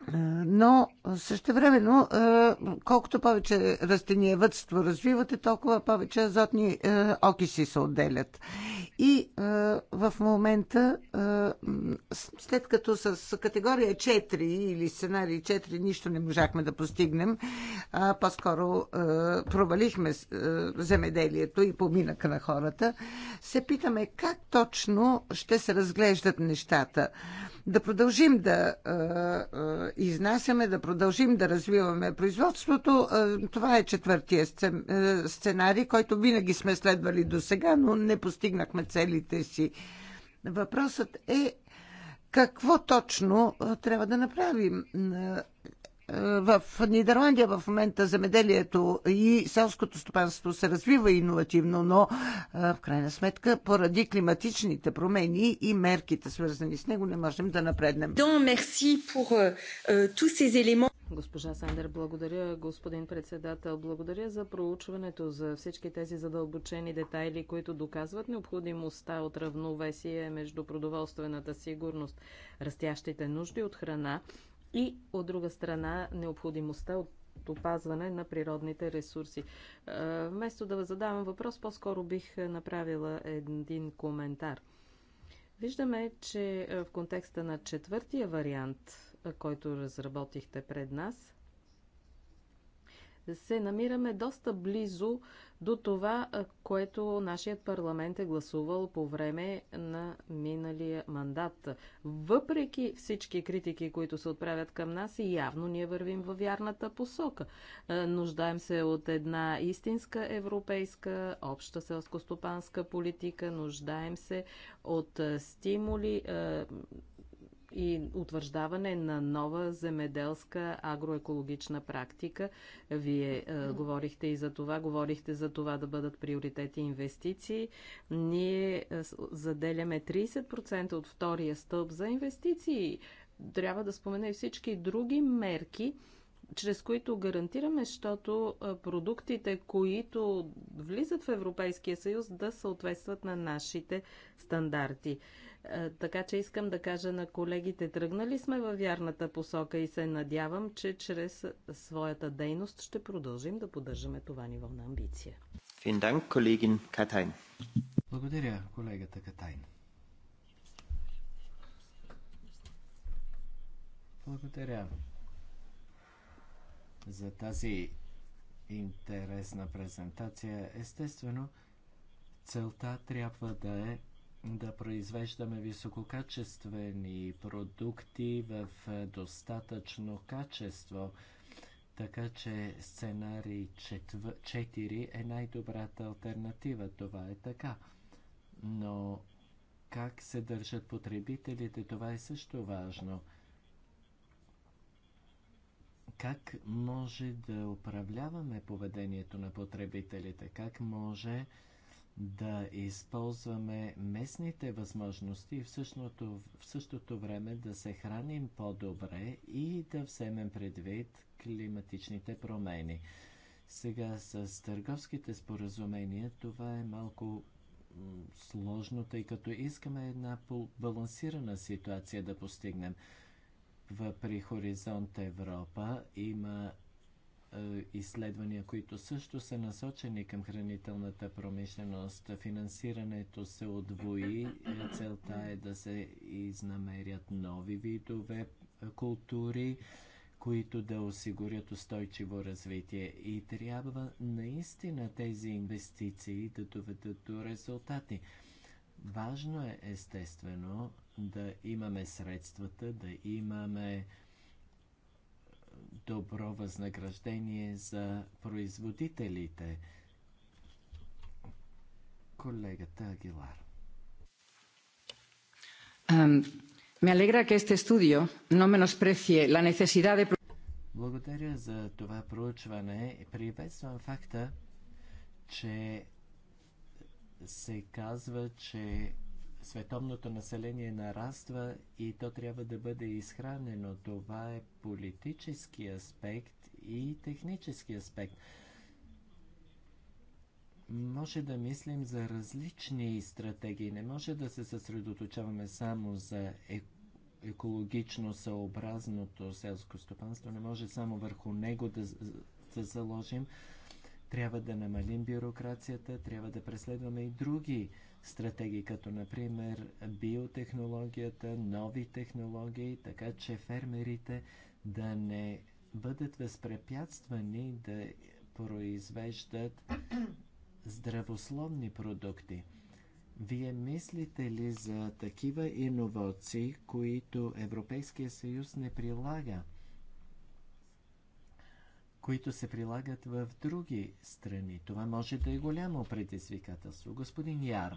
Е, но същевременно, е, колкото повече растениевътство развивате, толкова повече азотни е, окиси се отделят. И в момента, след като с категория 4 или сценарий 4 нищо не можахме да постигнем, по-скоро провалихме земеделието и поминъка на хората, се питаме как точно ще се разглеждат нещата да продължим да изнасяме, да продължим да развиваме производството. Това е четвъртия сценарий, който винаги сме следвали до сега, но не постигнахме целите си. Въпросът е какво точно трябва да направим в Нидерландия в момента замеделието и селското стопанство се развива иновативно, но в крайна сметка поради климатичните промени и мерките свързани с него не можем да напреднем. Euh, euh, Госпожа Сандер, благодаря, господин председател. Благодаря за проучването, за всички тези задълбочени детайли, които доказват необходимостта от равновесие между продоволствената сигурност, растящите нужди от храна и от друга страна необходимостта от опазване на природните ресурси. Е, вместо да задавам въпрос, по-скоро бих направила един коментар. Виждаме, че е, в контекста на четвъртия вариант, е, който разработихте пред нас, се намираме доста близо до това, което нашият парламент е гласувал по време на миналия мандат. Въпреки всички критики, които се отправят към нас, явно ние вървим във вярната посока. Нуждаем се от една истинска европейска обща селскостопанска политика, нуждаем се от стимули и утвърждаване на нова земеделска агроекологична практика. Вие е, говорихте и за това, говорихте за това да бъдат приоритети инвестиции. Ние е, заделяме 30% от втория стълб за инвестиции. Трябва да спомена и всички други мерки, чрез които гарантираме, защото е, продуктите, които влизат в Европейския съюз, да съответстват на нашите стандарти. Е, така че искам да кажа на колегите, тръгнали сме във вярната посока и се надявам, че чрез своята дейност ще продължим да поддържаме това ниво на амбиция. Колегин Катайн. Благодаря, колегата Катайн. Благодаря за тази интересна презентация. Естествено, целта трябва да е да произвеждаме висококачествени продукти в е, достатъчно качество. Така че сценарий 4 е най-добрата альтернатива. Това е така. Но как се държат потребителите, това е също важно. Как може да управляваме поведението на потребителите? Как може да да използваме местните възможности и в същото, в същото време да се храним по-добре и да вземем предвид климатичните промени. Сега с търговските споразумения това е малко сложно, тъй като искаме една балансирана ситуация да постигнем. при Хоризонт Европа има е, изследвания, които също са насочени към хранителната промишленост. Финансирането се отвои. Е, целта е да се изнамерят нови видове е, култури, които да осигурят устойчиво развитие. И трябва наистина тези инвестиции да доведат до резултати. Важно е естествено да имаме средствата, да имаме добро възнаграждение за производителите. Колегата Агилар. este menosprecie la necesidad de... Благодаря за това проучване. Приветствам факта, че се казва, че Световното население нараства и то трябва да бъде изхранено. Това е политически аспект и технически аспект. Може да мислим за различни стратегии. Не може да се съсредоточаваме само за е- екологично съобразното селско стопанство. Не може само върху него да, да заложим. Трябва да намалим бюрокрацията, трябва да преследваме и други стратегии, като например биотехнологията, нови технологии, така че фермерите да не бъдат възпрепятствани да произвеждат здравословни продукти. Вие мислите ли за такива иновации, които Европейския съюз не прилага? които се прилагат в други страни. Това може да е голямо предизвикателство. Господин Яр,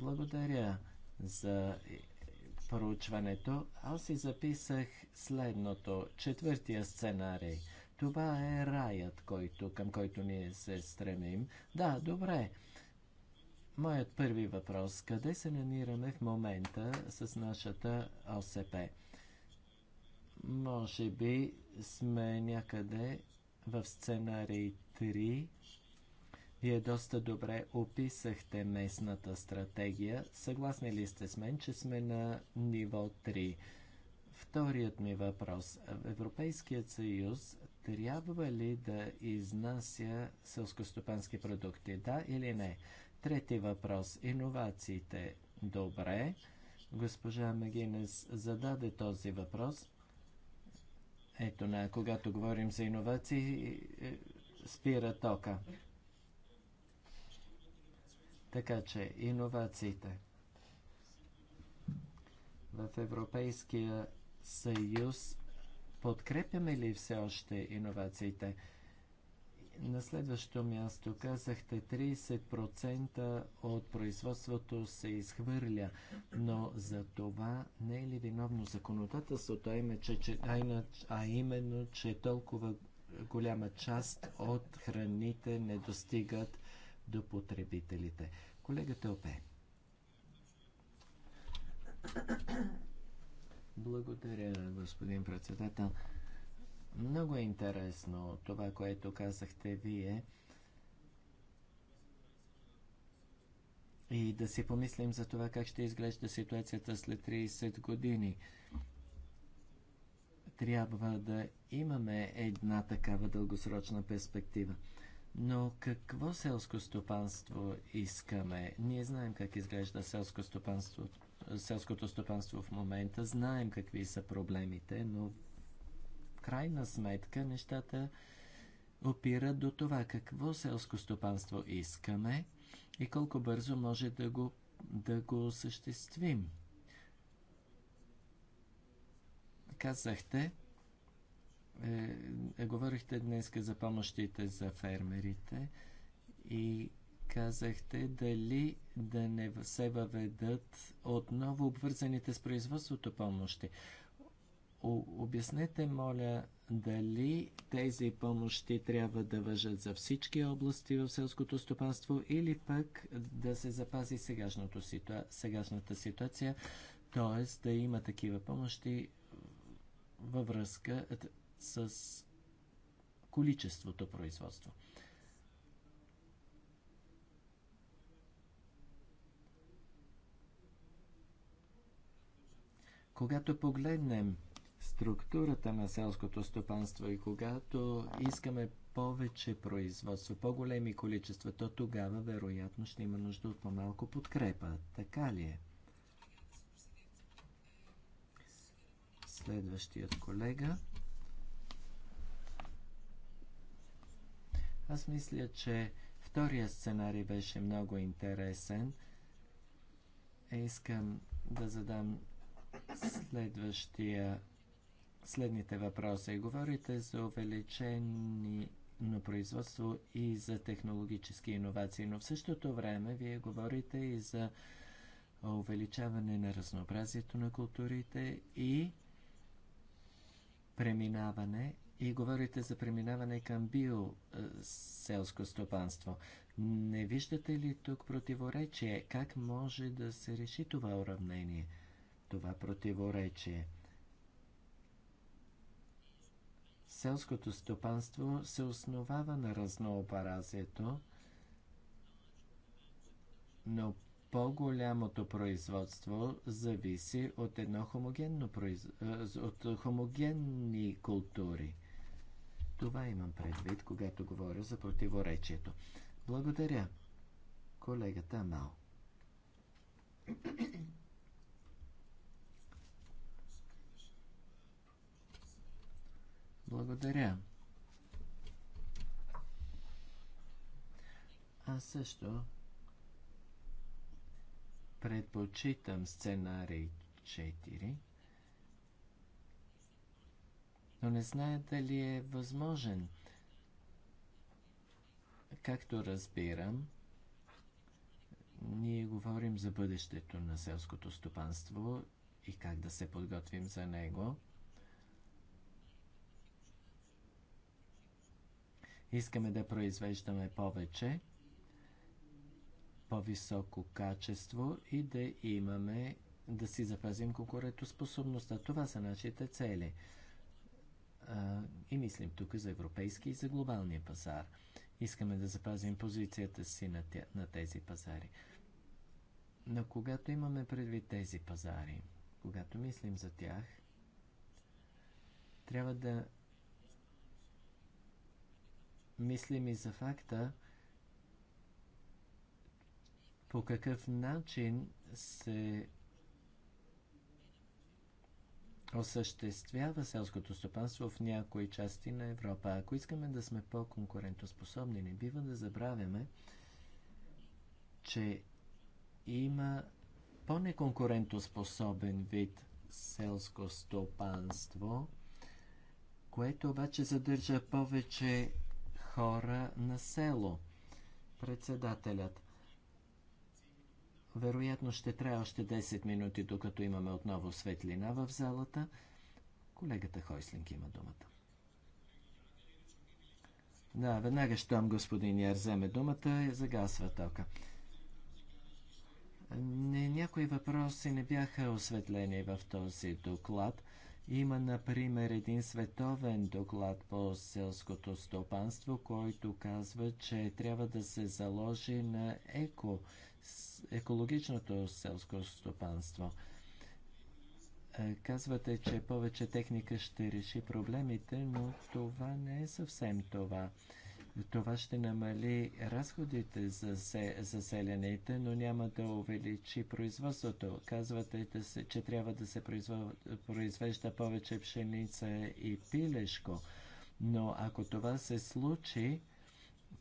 благодаря за проучването. Аз си записах следното. Четвъртия сценарий. Това е раят, който, към който ние се стремим. Да, добре. Моят първи въпрос. Къде се намираме в момента с нашата ОСП? Може би сме някъде в сценарий 3 вие доста добре описахте местната стратегия. Съгласни ли сте с мен, че сме на ниво 3? Вторият ми въпрос. В Европейският съюз трябва ли да изнася селскостопански продукти? Да или не? Трети въпрос. Иновациите. Добре. Госпожа Магинес зададе този въпрос. Ето, на, когато говорим за иновации, е, спира тока. Така че, иновациите. В Европейския съюз подкрепяме ли все още иновациите? На следващо място казахте 30% от производството се изхвърля, но за това не е ли виновно законодателството, а, име, че, че, а, а именно, че толкова голяма част от храните не достигат до потребителите. Колегата Опе. Благодаря, господин председател. Много е интересно това, което казахте вие. И да си помислим за това как ще изглежда ситуацията след 30 години. Трябва да имаме една такава дългосрочна перспектива. Но какво селско стопанство искаме? Ние знаем как изглежда селско стопанство, селското стопанство в момента, знаем какви са проблемите, но крайна сметка нещата опират до това какво селско стопанство искаме и колко бързо може да го, да го осъществим. Казахте, е, е говорихте днес за помощите за фермерите и казахте дали да не се въведат отново обвързаните с производството помощи обяснете, моля, дали тези помощи трябва да въжат за всички области в селското стопанство или пък да се запази ситуа... сегашната ситуация, т.е. да има такива помощи във връзка с количеството производство. Когато погледнем структурата на селското стопанство и когато искаме повече производство, по-големи количества, то тогава вероятно ще има нужда от по-малко подкрепа. Така ли е? Следващият колега. Аз мисля, че втория сценарий беше много интересен. Искам да задам следващия следните въпроси. Говорите за увеличени на производство и за технологически иновации, но в същото време вие говорите и за увеличаване на разнообразието на културите и преминаване и говорите за преминаване към биоселско стопанство. Не виждате ли тук противоречие? Как може да се реши това уравнение, това противоречие? Селското стопанство се основава на разнообразието, но по-голямото производство зависи от едно хомогенно произ... от хомогенни култури. Това имам предвид, когато говоря за противоречието. Благодаря, колегата Мал. Благодаря. Аз също предпочитам сценарий 4, но не зная дали е възможен. Както разбирам, ние говорим за бъдещето на селското стопанство и как да се подготвим за него – Искаме да произвеждаме повече, по-високо качество и да имаме, да си запазим конкурентоспособността. Това са нашите цели. А, и мислим тук за европейски и за глобалния пазар. Искаме да запазим позицията си на, тя, на тези пазари. Но когато имаме предвид тези пазари, когато мислим за тях, трябва да Мислим и за факта, по какъв начин се осъществява селското стопанство в някои части на Европа. Ако искаме да сме по-конкурентоспособни, не бива да забравяме, че има по-неконкурентоспособен вид селско стопанство, което обаче задържа повече хора на село. Председателят. Вероятно ще трябва още 10 минути, докато имаме отново светлина в залата. Колегата Хойслинг има думата. Да, веднага щом господин Яр вземе думата, е загасва тока. Не, някои въпроси не бяха осветлени в този доклад. Има, например, един световен доклад по селското стопанство, който казва, че трябва да се заложи на еко, екологичното селско стопанство. Е, казвате, че повече техника ще реши проблемите, но това не е съвсем това. Това ще намали разходите за заселените, но няма да увеличи производството. Казвате, да се, че трябва да се произвежда повече пшеница и пилешко, но ако това се случи,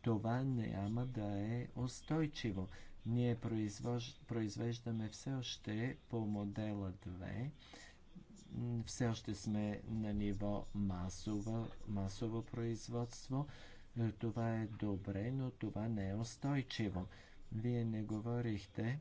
това няма да е устойчиво. Ние произвож, произвеждаме все още по модела 2 все още сме на ниво масово, масово производство, това е добре, но това не е устойчиво. Вие не говорихте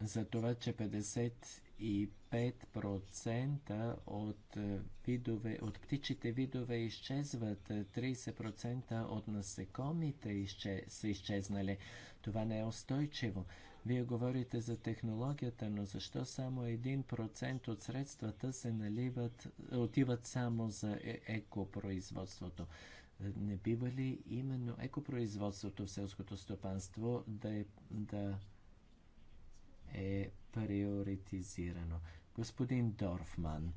за това, че 55% от, е, видове, от птичите видове изчезват, 30% е, от насекомите изчез, са изчезнали. Това не е устойчиво. Вие говорите за технологията, но защо само 1% от средствата се наливат, отиват само за е екопроизводството? Не бива ли именно екопроизводството в селското стопанство да е, да е приоритизирано? Господин Дорфман,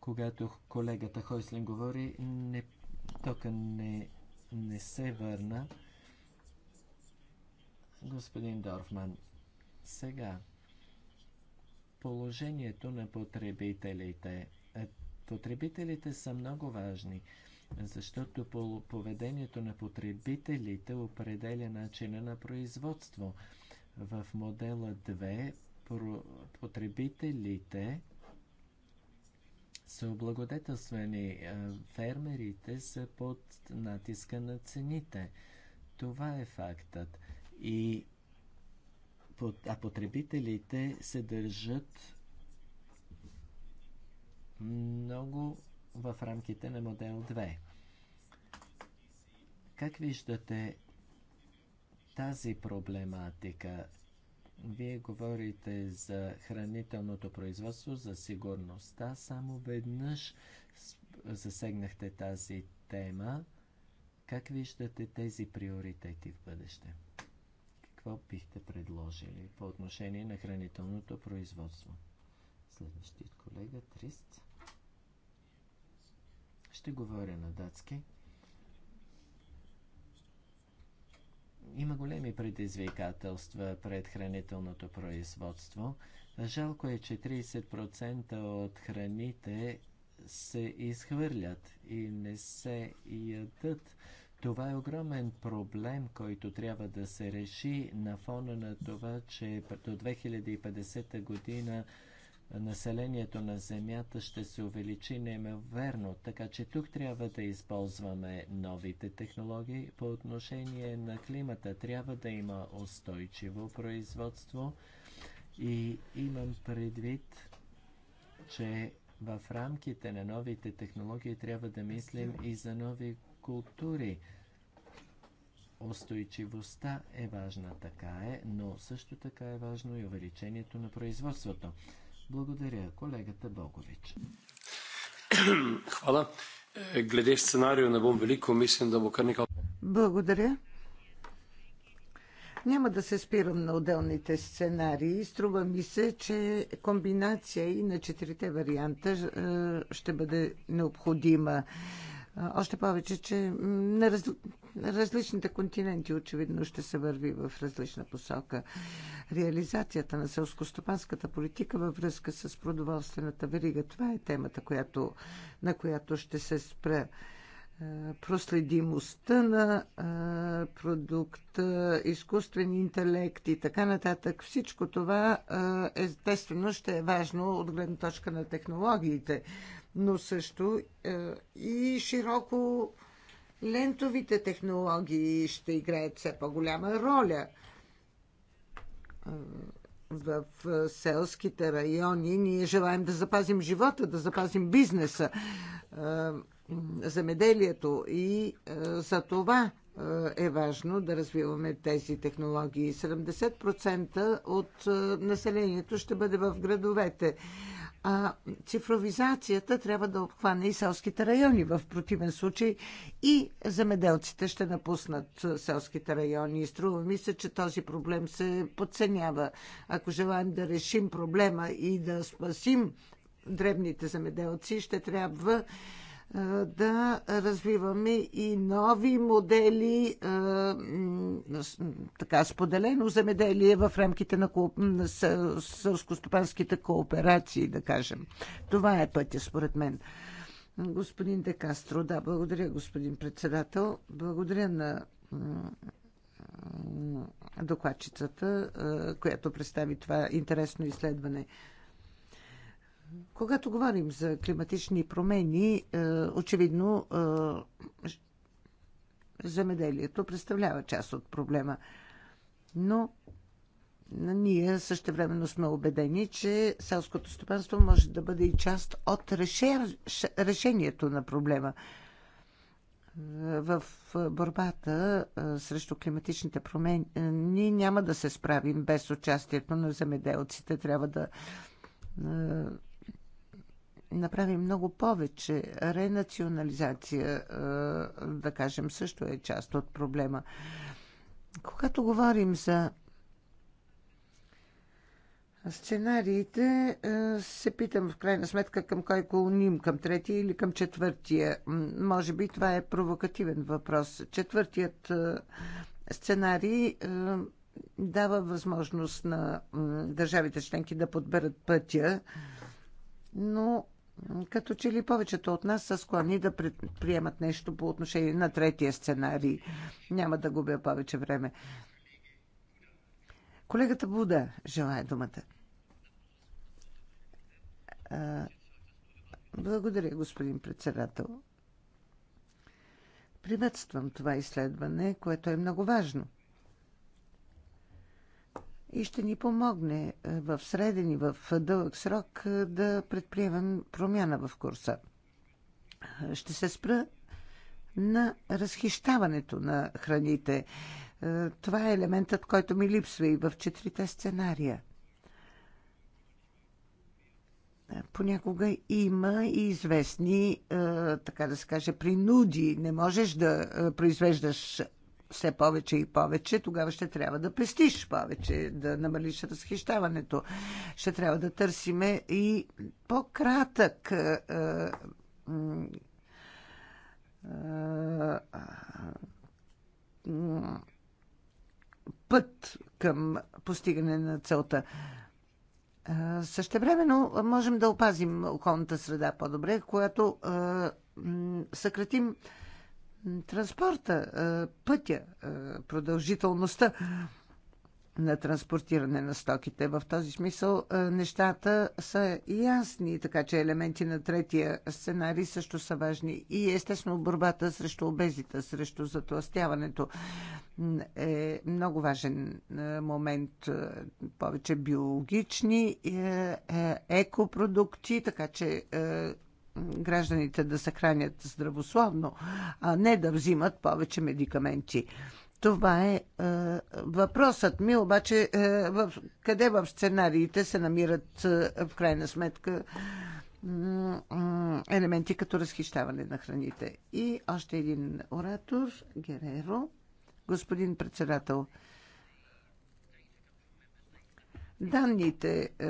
когато колегата Хойслен говори, не, тока не, не се върна господин Дорфман. Сега, положението на потребителите. Е, потребителите са много важни, защото поведението на потребителите определя начина на производство. В модела 2 потребителите са облагодетелствани. Фермерите са под натиска на цените. Това е фактът и а потребителите се държат много в рамките на модел 2. Как виждате тази проблематика? Вие говорите за хранителното производство, за сигурността. Само веднъж засегнахте тази тема. Как виждате тези приоритети в бъдеще? какво бихте предложили по отношение на хранителното производство? Следващият колега Трист. Ще говоря на датски. Има големи предизвикателства пред хранителното производство. Жалко е, че 30% от храните се изхвърлят и не се ядат. Това е огромен проблем, който трябва да се реши на фона на това, че до 2050 година населението на Земята ще се увеличи неимоверно, така че тук трябва да използваме новите технологии. По отношение на климата трябва да има устойчиво производство и имам предвид, че в рамките на новите технологии трябва да мислим и за нови култури. Устойчивостта е важна, така е, но също така е важно и увеличението на производството. Благодаря, колегата Богович. Хвала. Е, Гледе сценарио на Бом Велико, мислим да му кърника. Благодаря. Няма да се спирам на отделните сценарии. Струва ми се, че комбинация и на четирите варианта е, ще бъде необходима. Още повече, че на раз... различните континенти очевидно ще се върви в различна посока. Реализацията на селскостопанската политика във връзка с продоволствената верига, това е темата, която... на която ще се спре проследимостта на продукта, изкуствен интелект и така нататък. Всичко това естествено ще е важно от гледна точка на технологиите, но също е, и широко лентовите технологии ще играят все по-голяма роля. Е, в е, селските райони ние желаем да запазим живота, да запазим бизнеса, земеделието и за това е важно да развиваме тези технологии. 70% от населението ще бъде в градовете. А цифровизацията трябва да обхване и селските райони. В противен случай и замеделците ще напуснат селските райони. струва ми се, че този проблем се подценява. Ако желаем да решим проблема и да спасим дребните замеделци, ще трябва да развиваме и нови модели, така споделено замеделие в рамките на, на сълскостопанските кооперации, да кажем. Това е пътя, според мен. Господин Декастро, да, благодаря, господин председател. Благодаря на докладчицата, която представи това интересно изследване. Когато говорим за климатични промени, е, очевидно е, земеделието представлява част от проблема. Но ние също времено сме убедени, че селското стопанство може да бъде и част от решението на проблема. В борбата е, срещу климатичните промени ние няма да се справим без участието на земеделците. Трябва да Направи много повече. Ренационализация, е, да кажем, също е част от проблема. Когато говорим за сценариите, е, се питам в крайна сметка към кой колоним, към третия или към четвъртия. Може би това е провокативен въпрос. Четвъртият е, сценарий дава възможност на държавите членки да подберат пътя, но като че ли повечето от нас са склонни да предприемат нещо по отношение на третия сценарий. Няма да губя повече време. Колегата Буда желая думата. Благодаря, господин председател. Приветствам това изследване, което е много важно – и ще ни помогне е, в среден и в дълъг срок е, да предприемем промяна в курса. Ще се спра на разхищаването на храните. Е, това е елементът, който ми липсва и в четирите сценария. Понякога има и известни, така да се каже, принуди. Не можеш да произвеждаш все повече и повече, тогава ще трябва да пестиш повече, да намалиш разхищаването. Ще трябва да търсиме и по-кратък е, е, е, път към постигане на целта. Същевременно можем да опазим околната среда по-добре, която съкратим транспорта, пътя, продължителността на транспортиране на стоките. В този смисъл нещата са ясни, така че елементи на третия сценарий също са важни. И естествено борбата срещу обезита, срещу затластяването е много важен момент. Повече биологични е, е, екопродукти, така че е, гражданите да се хранят здравословно, а не да взимат повече медикаменти. Това е, е въпросът ми, обаче е, в, къде в сценариите се намират е, в крайна сметка елементи като разхищаване на храните. И още един оратор, Гереро, господин председател. Данните е,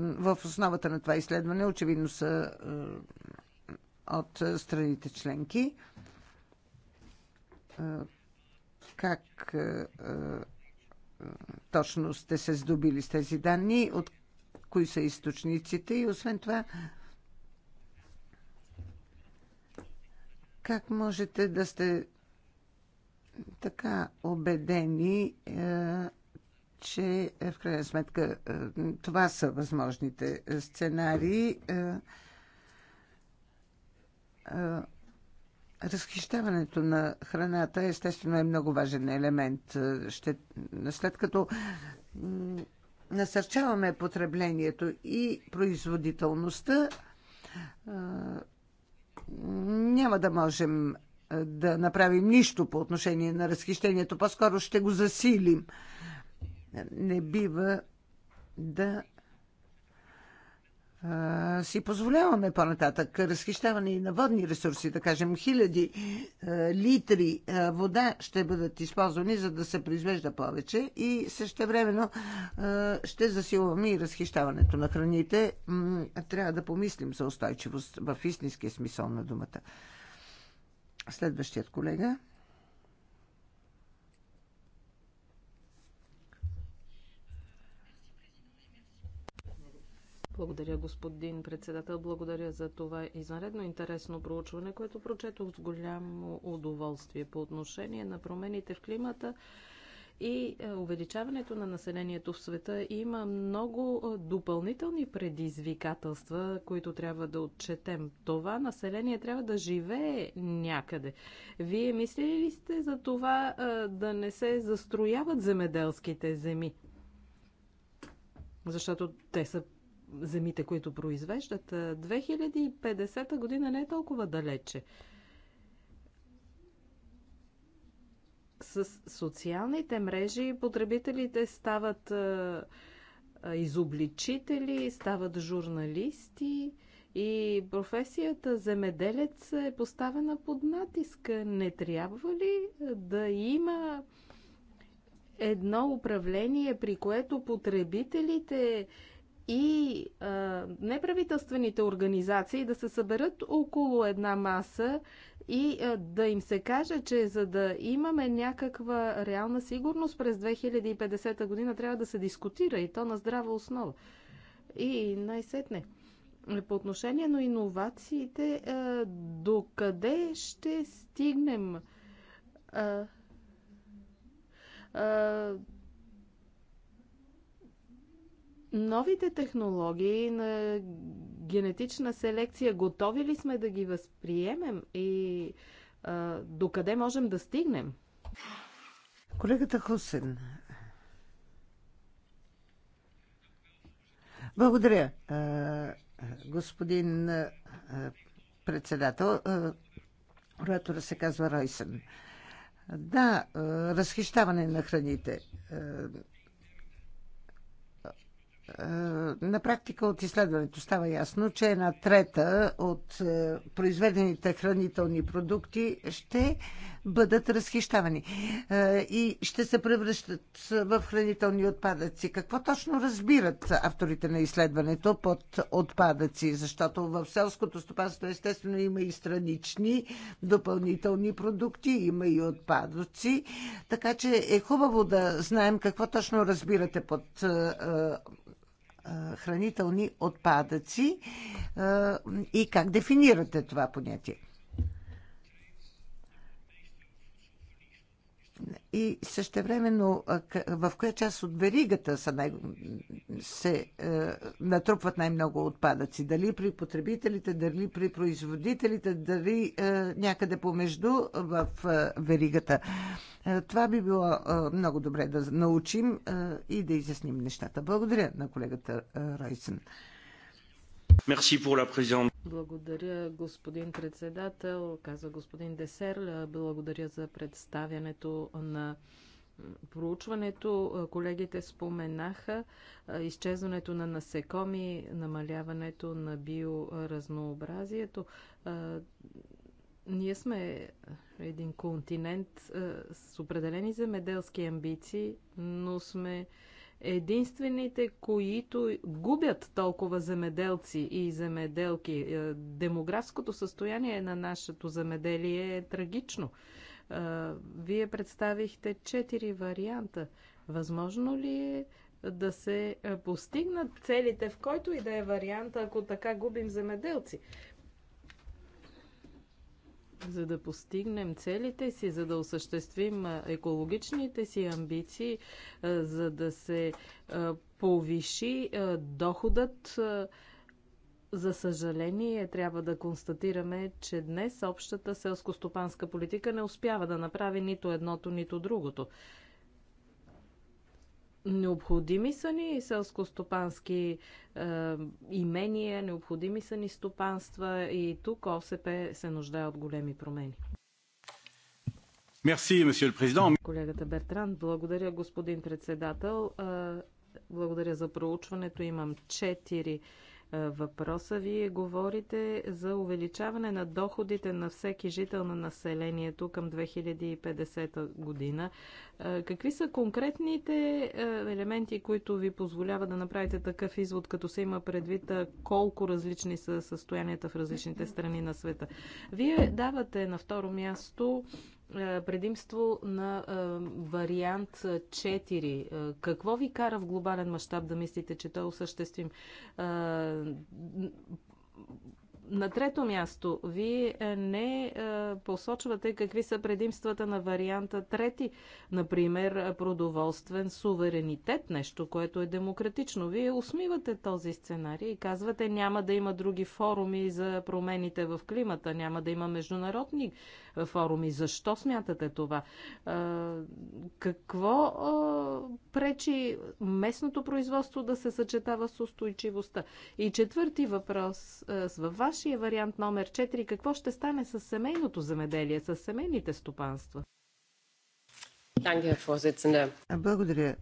в основата на това изследване очевидно са е, от страните членки. Е, как точно сте се здобили с тези данни, от кои са източниците и освен това как можете да сте така убедени че е, в крайна сметка е, това са възможните е, сценарии. Разхищаването на храната естествено е много важен елемент. Ще, след като насърчаваме потреблението и производителността, няма да можем да направим нищо по отношение на разхищението. По-скоро ще го засилим не бива да а, си позволяваме по-нататък разхищаване и на водни ресурси, да кажем хиляди а, литри а, вода ще бъдат използвани, за да се произвежда повече и същевременно а, ще засилваме и разхищаването на храните. М- трябва да помислим за устойчивост в истинския смисъл на думата. Следващият колега. Благодаря, господин председател. Благодаря за това извънредно интересно проучване, което прочетох с голямо удоволствие по отношение на промените в климата и е, увеличаването на населението в света има много е, допълнителни предизвикателства, които трябва да отчетем. Това население трябва да живее някъде. Вие мислили ли сте за това е, да не се застрояват земеделските земи? Защото те са земите, които произвеждат, 2050 година не е толкова далече. С социалните мрежи потребителите стават изобличители, стават журналисти и професията земеделец е поставена под натиск. Не трябва ли да има едно управление, при което потребителите и а, неправителствените организации да се съберат около една маса и а, да им се каже, че за да имаме някаква реална сигурност през 2050 година трябва да се дискутира и то на здрава основа. И най-сетне. По отношение на иновациите, докъде ще стигнем? Новите технологии на генетична селекция, готови ли сме да ги възприемем и а, докъде можем да стигнем? Колегата Хусен. Благодаря, господин председател. Оратора се казва Ройсен. Да, разхищаване на храните. Е, на практика от изследването става ясно, че една трета от е, произведените хранителни продукти ще бъдат разхищавани е, и ще се превръщат в хранителни отпадъци. Какво точно разбират авторите на изследването под отпадъци? Защото в селското стопанство естествено има и странични допълнителни продукти, има и отпадъци. Така че е хубаво да знаем какво точно разбирате под е, е, хранителни отпадъци и как дефинирате това понятие. и същевременно в коя част от веригата са най- се е, натрупват най-много отпадъци. Дали при потребителите, дали при производителите, дали е, някъде помежду в е, веригата. Е, това би било е, много добре да научим е, и да изясним нещата. Благодаря на колегата е, Райсен. Благодаря, господин председател, каза господин Десер. Благодаря за представянето на проучването. Колегите споменаха изчезването на насекоми, намаляването на биоразнообразието. Ние сме един континент с определени земеделски амбиции, но сме единствените, които губят толкова земеделци и земеделки. Е, демографското състояние на нашето земеделие е трагично. Е, вие представихте четири варианта. Възможно ли е да се е, постигнат целите, в който и да е варианта, ако така губим земеделци? За да постигнем целите си, за да осъществим екологичните си амбиции, за да се повиши доходът, за съжаление, трябва да констатираме, че днес общата селско-стопанска политика не успява да направи нито едното, нито другото. Необходими са ни селско-стопански е, имения, необходими са ни стопанства и тук ОСП се нуждае от големи промени. Мерси, месье президент. Колегата Бертран, благодаря господин председател. Е, благодаря за проучването. Имам четири 4 е, въпроса. Вие говорите за увеличаване на доходите на всеки жител на населението към 2050 година. Е, какви са конкретните е, елементи, които ви позволява да направите такъв извод, като се има предвид колко различни са състоянията в различните страни на света? Вие давате на второ място е, предимство на е, вариант 4. Е, какво ви кара в глобален мащаб да мислите, че той е осъществим? На трето място, вие е, не е, посочвате какви са предимствата на варианта трети, например продоволствен суверенитет, нещо, което е демократично. Вие усмивате този сценарий и казвате няма да има други форуми за промените в климата, няма да има международни е, форуми. Защо смятате това? Какво пречи местното производство да се съчетава с устойчивостта? И четвърти въпрос. Във ваш вашия вариант номер 4, какво ще стане с семейното замеделие, с семейните стопанства? Благодаря,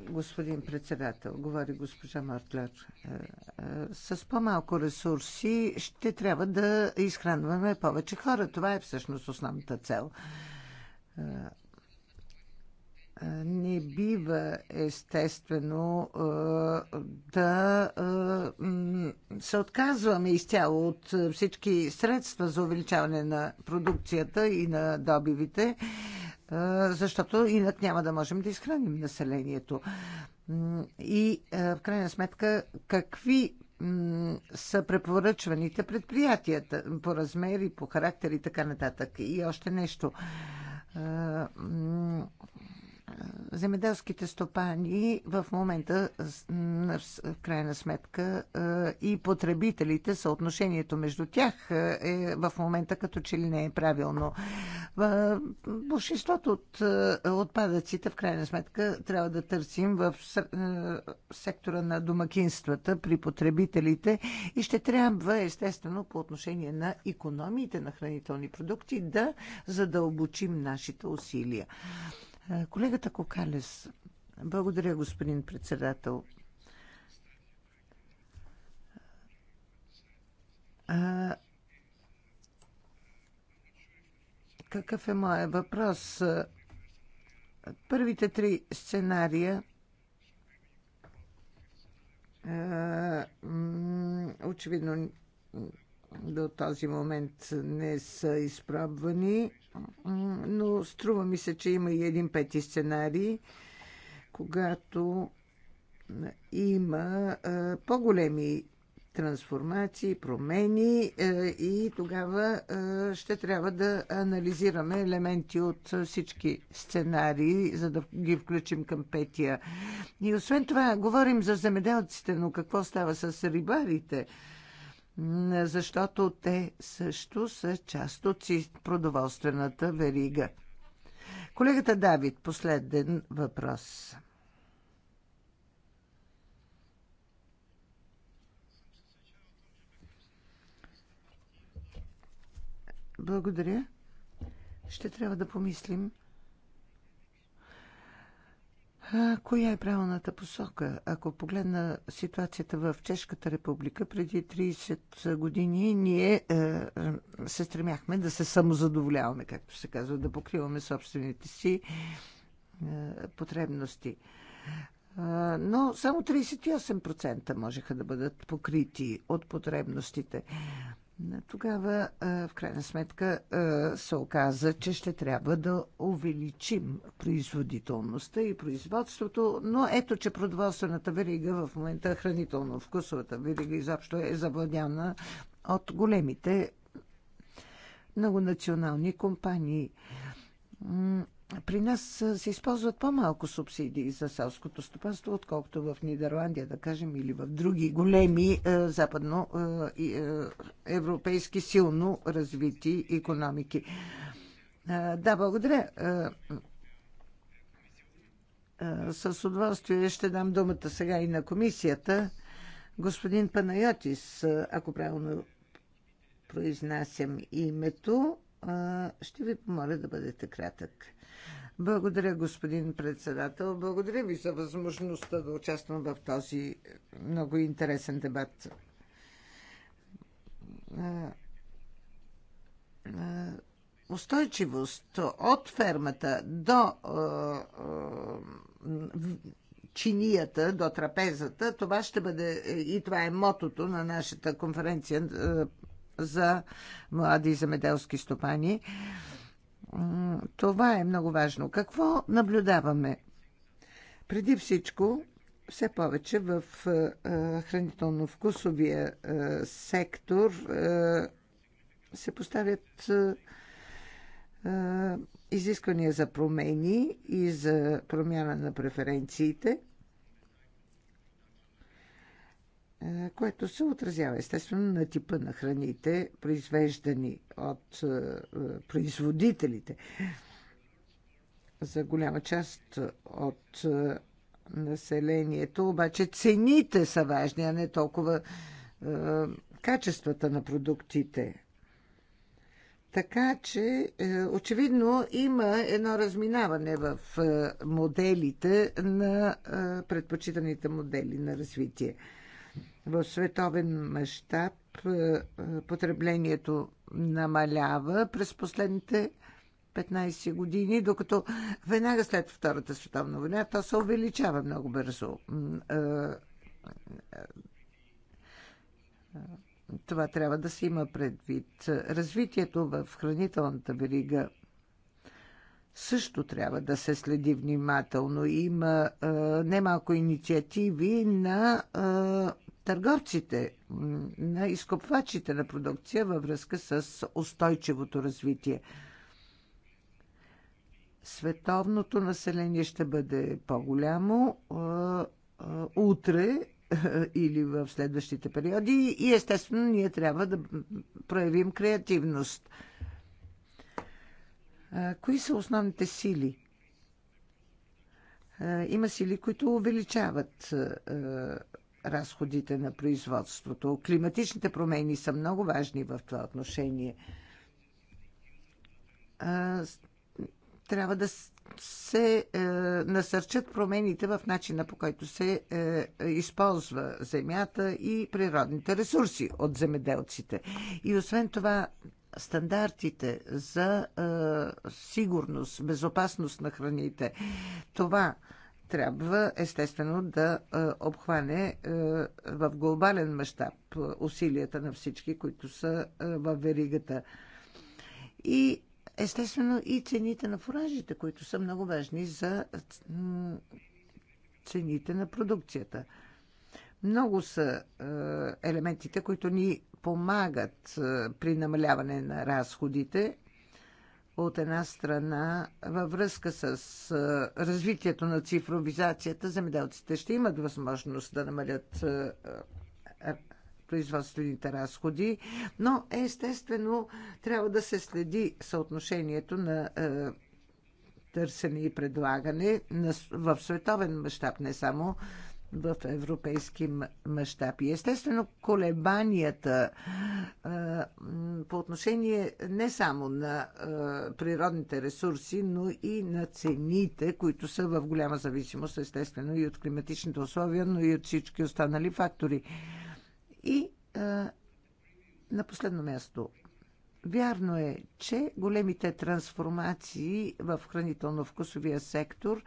господин председател, говори госпожа Мартлер. Е, е, с по-малко ресурси ще трябва да изхранваме повече хора. Това е всъщност основната цел. Е, не бива естествено да се отказваме изцяло от всички средства за увеличаване на продукцията и на добивите, защото инак няма да можем да изхраним населението. И в крайна сметка, какви са препоръчваните предприятията по размери, по характер и така нататък. И още нещо земеделските стопани в момента, в крайна сметка, и потребителите, съотношението между тях е в момента като че ли не е правилно. Большинството от отпадъците, в крайна сметка, трябва да търсим в сектора на домакинствата при потребителите и ще трябва, естествено, по отношение на економиите на хранителни продукти, да задълбочим нашите усилия. Е, колегата Кокалес. Благодаря, господин председател. А, е, какъв е моят въпрос? Първите три сценария е, очевидно до този момент не са изпробвани но струва ми се, че има и един пети сценарий, когато има по-големи трансформации, промени и тогава ще трябва да анализираме елементи от всички сценарии, за да ги включим към петия. И освен това, говорим за земеделците, но какво става с рибарите? защото те също са част от продоволствената верига. Колегата Давид, последен въпрос. Благодаря. Ще трябва да помислим а, коя е правилната посока? Ако погледна ситуацията в Чешката република, преди 30 години ние е, е, се стремяхме да се самозадоволяваме, както се казва, да покриваме собствените си е, потребности. Но само 38% можеха да бъдат покрити от потребностите. Тогава, в крайна сметка, се оказа, че ще трябва да увеличим производителността и производството, но ето, че продоволствената верига в момента, хранително-вкусовата верига изобщо е завладяна от големите многонационални компании при нас се използват по-малко субсидии за селското стопанство, отколкото в Нидерландия, да кажем, или в други големи западно европейски силно развити економики. да, благодаря. с удоволствие ще дам думата сега и на комисията. Господин Панайотис, ако правилно произнасям името, ще ви помоля да бъдете кратък. Благодаря, господин председател. Благодаря ви за възможността да участвам в този много интересен дебат. Устойчивост от фермата до чинията, до трапезата, това ще бъде и това е мотото на нашата конференция за млади земеделски стопани. Това е много важно. Какво наблюдаваме? Преди всичко, все повече в е, е, хранително-вкусовия е, сектор се поставят изисквания за промени и за промяна на преференциите. Е, което се отразява естествено на типа на храните, произвеждани от е, производителите. За голяма част от е, населението, обаче цените са важни, а не толкова качествата на продуктите. Така че, очевидно, има едно разминаване в моделите на предпочитаните модели на развитие. В световен мащаб е, е, потреблението намалява през последните 15 години, докато веднага след Втората световна война то се увеличава много бързо. Е, това трябва да се има предвид. Развитието в хранителната верига също трябва да се следи внимателно. Има е, немалко инициативи на е, търговците, на изкопвачите на продукция във връзка с устойчивото развитие. Световното население ще бъде по-голямо утре или в следващите периоди и естествено ние трябва да проявим креативност. Кои са основните сили? Има сили, които увеличават разходите на производството. Климатичните промени са много важни в това отношение. Трябва да се е, насърчат промените в начина по който се е, използва земята и природните ресурси от земеделците. И освен това, стандартите за е, сигурност, безопасност на храните, това трябва естествено да е, обхване е, в глобален мащаб е, усилията на всички, които са в веригата. И естествено и цените на фуражите, които са много важни за цените на продукцията. Много са елементите, които ни помагат при намаляване на разходите от една страна във връзка с развитието на цифровизацията, земеделците ще имат възможност да намалят производствените разходи, но естествено трябва да се следи съотношението на търсене и предлагане в световен мащаб, не само в европейски мащаби. Естествено, колебанията по отношение не само на природните ресурси, но и на цените, които са в голяма зависимост, естествено, и от климатичните условия, но и от всички останали фактори. И на последно място, Вярно е, че големите трансформации в хранително-вкусовия сектор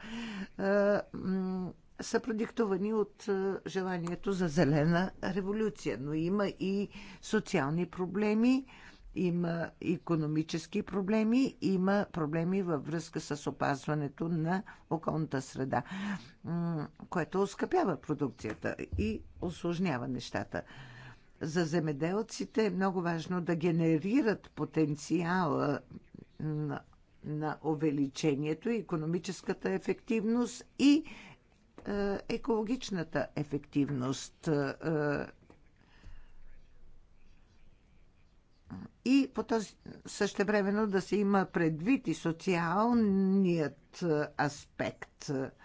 са продиктовани от е, желанието за зелена революция, но има и социални проблеми, има економически проблеми, има проблеми във връзка с опазването на околната среда, което оскъпява продукцията и осложнява нещата. За земеделците е много важно да генерират потенциала на увеличението, и економическата ефективност и е, екологичната ефективност е, и по този същевременно да се има предвид и социалният е, аспект –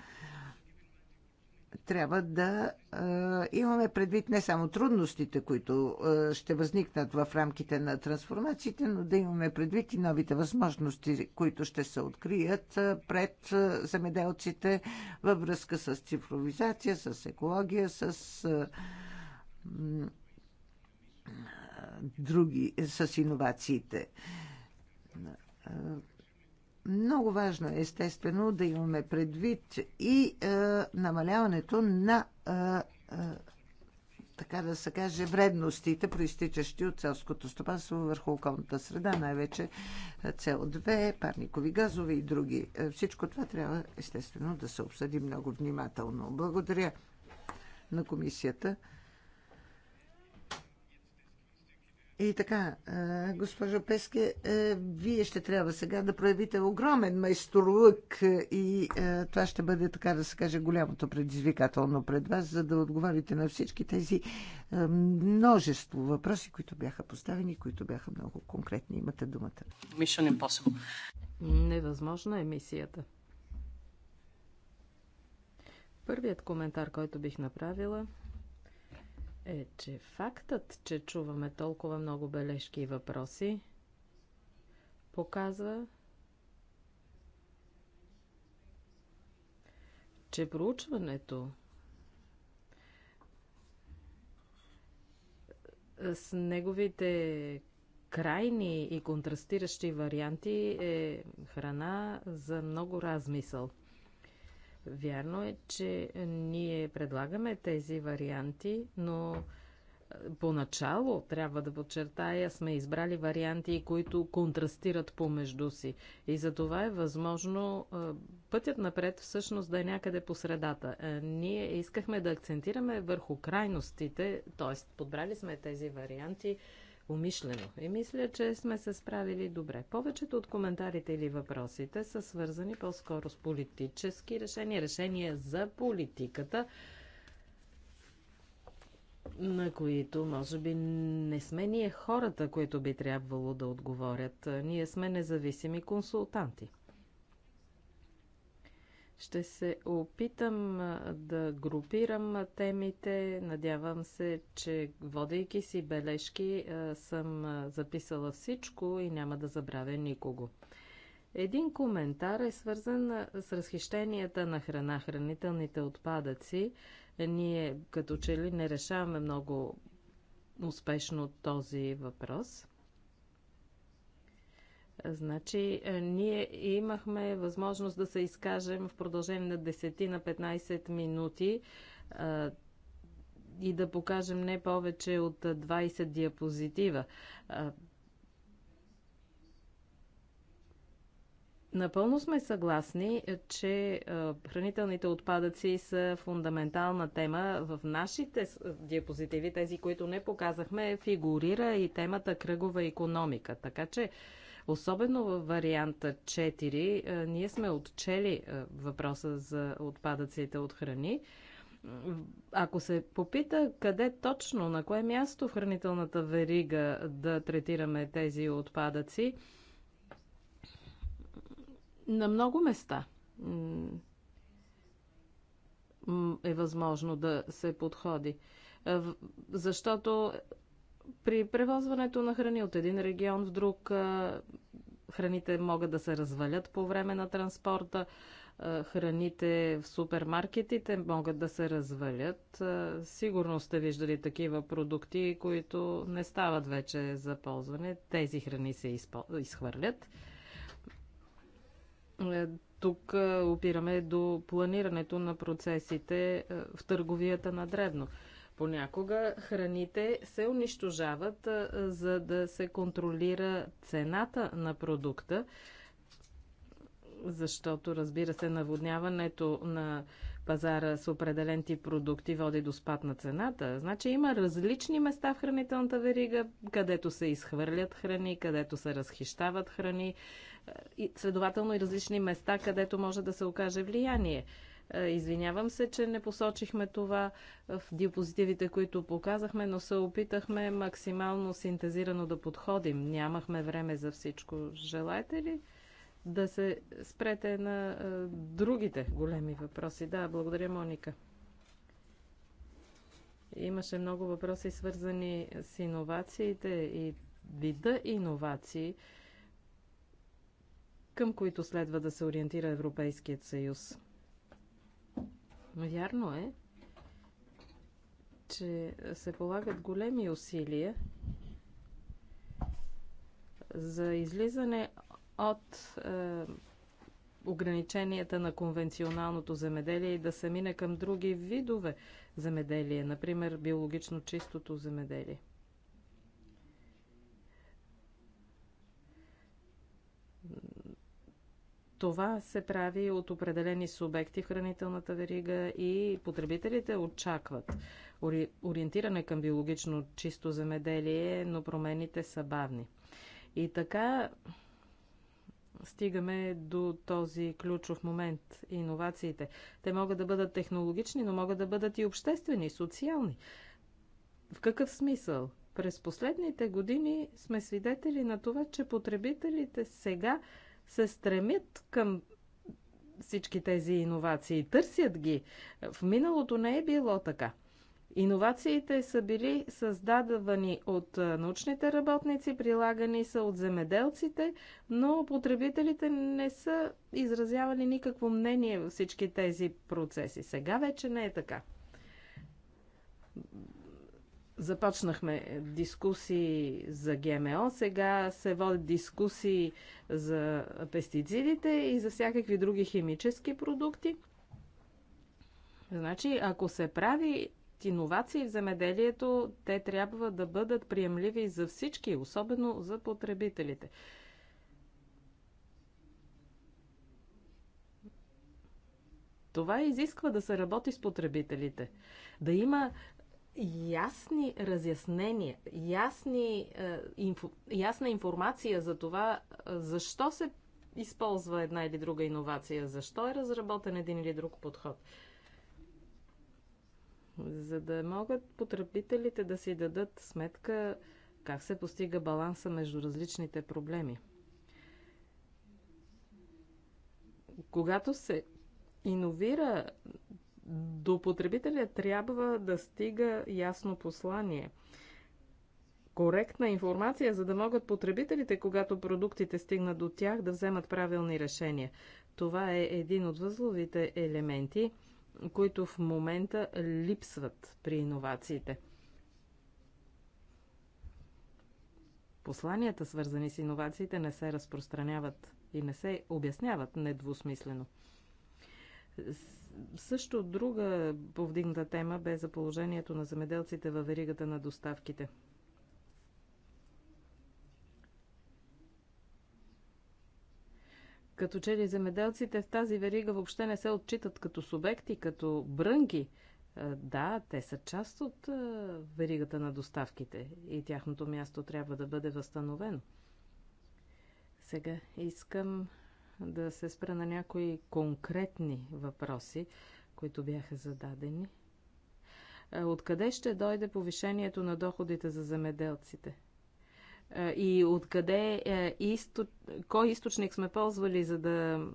трябва да е, имаме предвид не само трудностите, които е, ще възникнат в рамките на трансформациите, но да имаме предвид и новите възможности, които ще се открият е, пред е, земеделците във връзка с цифровизация, с екология, с. Е, други, с иновациите много важно е, естествено, да имаме предвид и е, намаляването на, е, е, така да се каже, вредностите, проистичащи от селското стопанство върху околната среда, най-вече CO2, е, парникови газове и други. Е, всичко това трябва, естествено, да се обсъди много внимателно. Благодаря на комисията. И така, госпожо Песке, вие ще трябва сега да проявите огромен майсторлък и това ще бъде, така да се каже, голямото предизвикателно пред вас, за да отговорите на всички тези множество въпроси, които бяха поставени, които бяха много конкретни. Имате думата. Mission impossible. Невъзможна е мисията. Първият коментар, който бих направила, е, че фактът, че чуваме толкова много бележки и въпроси, показва, че проучването с неговите крайни и контрастиращи варианти е храна за много размисъл – Вярно е, че ние предлагаме тези варианти, но е, поначало, трябва да подчертая, сме избрали варианти, които контрастират помежду си. И за това е възможно е, пътят напред всъщност да е някъде по средата. Е, ние искахме да акцентираме върху крайностите, т.е. подбрали сме тези варианти, умишлено. И мисля, че сме се справили добре. Повечето от коментарите или въпросите са свързани по-скоро с политически решения, решения за политиката, на които, може би, не сме ние хората, които би трябвало да отговорят. Ние сме независими консултанти. Ще се опитам да групирам темите. Надявам се, че водейки си бележки съм записала всичко и няма да забравя никого. Един коментар е свързан с разхищенията на храна, хранителните отпадъци. Ние като че ли не решаваме много успешно този въпрос – Значи, е, ние имахме възможност да се изкажем в продължение на 10 на 15 минути е, и да покажем не повече от 20 диапозитива. Е, напълно сме съгласни, че хранителните отпадъци са фундаментална тема. В нашите диапозитиви, тези, които не показахме, фигурира и темата кръгова економика. Така че Особено в варианта 4 е, ние сме отчели е, въпроса за отпадъците от храни. Ако се попита къде точно, на кое място в хранителната верига да третираме тези отпадъци, на много места е възможно да се подходи. Е, защото при превозването на храни от един регион в друг храните могат да се развалят по време на транспорта, храните в супермаркетите могат да се развалят. Сигурно сте виждали такива продукти, които не стават вече за ползване. Тези храни се изхвърлят. Е, тук опираме до планирането на процесите в търговията на дребно. Понякога храните се унищожават, за да се контролира цената на продукта, защото, разбира се, наводняването на пазара с определен тип продукти води до спад на цената. Значи има различни места в хранителната верига, където се изхвърлят храни, където се разхищават храни, и, следователно и различни места, където може да се окаже влияние. Е, извинявам се, че не посочихме това в диапозитивите, които показахме, но се опитахме максимално синтезирано да подходим. Нямахме време за всичко. Желаете ли да се спрете на е, другите големи въпроси? Да, благодаря, Моника. Имаше много въпроси, свързани с иновациите и вида иновации, към които следва да се ориентира Европейският съюз. Вярно е, че се полагат големи усилия за излизане от е, ограниченията на конвенционалното земеделие и да се мине към други видове земеделие, например биологично чистото земеделие. Това се прави от определени субекти в хранителната верига и потребителите очакват ориентиране към биологично чисто земеделие, но промените са бавни. И така стигаме до този ключов момент – иновациите. Те могат да бъдат технологични, но могат да бъдат и обществени, социални. В какъв смисъл? През последните години сме свидетели на това, че потребителите сега – се стремят към всички тези иновации, търсят ги. В миналото не е било така. Иновациите са били създадавани от научните работници, прилагани са от земеделците, но потребителите не са изразявали никакво мнение във всички тези процеси. Сега вече не е така. Започнахме дискусии за ГМО, сега се водят дискусии за пестицидите и за всякакви други химически продукти. Значи, ако се прави иновации в земеделието, те трябва да бъдат приемливи за всички, особено за потребителите. Това изисква да се работи с потребителите. Да има ясни разяснения, ясни, е, инфо, ясна информация за това е, защо се използва една или друга иновация, защо е разработен един или друг подход. За да могат потребителите да си дадат сметка как се постига баланса между различните проблеми. Когато се иновира до потребителя трябва да стига ясно послание. Коректна информация, за да могат потребителите, когато продуктите стигнат до тях, да вземат правилни решения. Това е един от възловите елементи, които в момента липсват при иновациите. Посланията, свързани с иновациите, не се разпространяват и не се обясняват недвусмислено също друга повдигната тема бе за положението на земеделците във веригата на доставките. Като че ли земеделците в тази верига въобще не се отчитат като субекти, като брънки. Да, те са част от веригата на доставките и тяхното място трябва да бъде възстановено. Сега искам да се спра на някои конкретни въпроси, които бяха зададени. Е, откъде ще дойде повишението на доходите за земеделците? Е, и откъде е, изто... кой източник сме ползвали, за да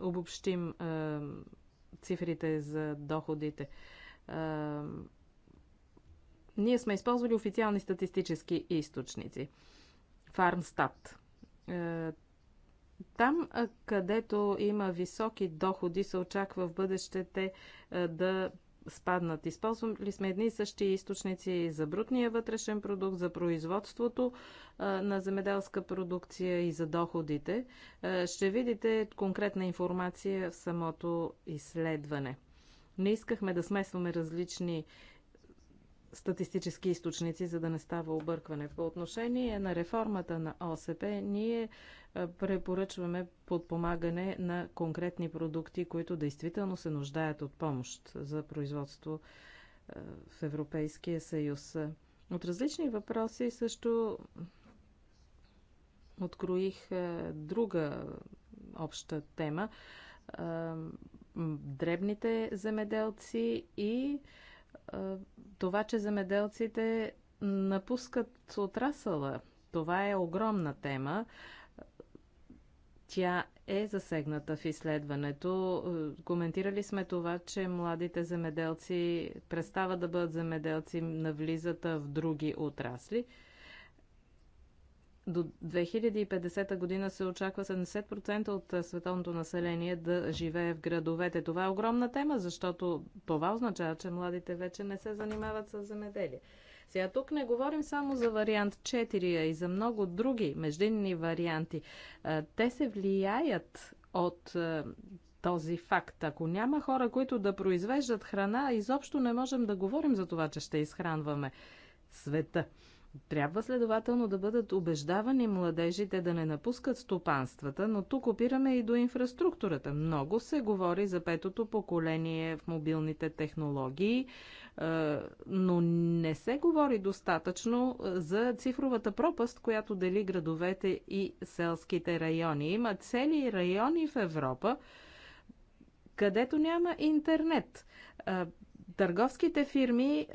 обобщим цифрите за доходите? Ние сме използвали официални статистически източници. Фармстат там, където има високи доходи, се очаква в бъдещете да спаднат. Използвали сме едни и същи източници за брутния вътрешен продукт, за производството на земеделска продукция и за доходите. Ще видите конкретна информация в самото изследване. Не искахме да смесваме различни статистически източници, за да не става объркване. По отношение на реформата на ОСП, ние е, препоръчваме подпомагане на конкретни продукти, които действително се нуждаят от помощ за производство е, в Европейския съюз. От различни въпроси също откроих е, друга обща тема. Дребните земеделци и това, че земеделците напускат отрасъла. Това е огромна тема. Тя е засегната в изследването. Коментирали сме това, че младите земеделци престават да бъдат земеделци, навлизат в други отрасли – до 2050 година се очаква 70% от световното население да живее в градовете. Това е огромна тема, защото това означава, че младите вече не се занимават с земеделие. Сега тук не говорим само за вариант 4, а и за много други междинни варианти. Те се влияят от този факт. Ако няма хора, които да произвеждат храна, изобщо не можем да говорим за това, че ще изхранваме света. Трябва следователно да бъдат убеждавани младежите да не напускат стопанствата, но тук опираме и до инфраструктурата. Много се говори за петото поколение в мобилните технологии, е, но не се говори достатъчно е, за цифровата пропаст, която дели градовете и селските райони. Има цели райони в Европа, където няма интернет. Е, търговските фирми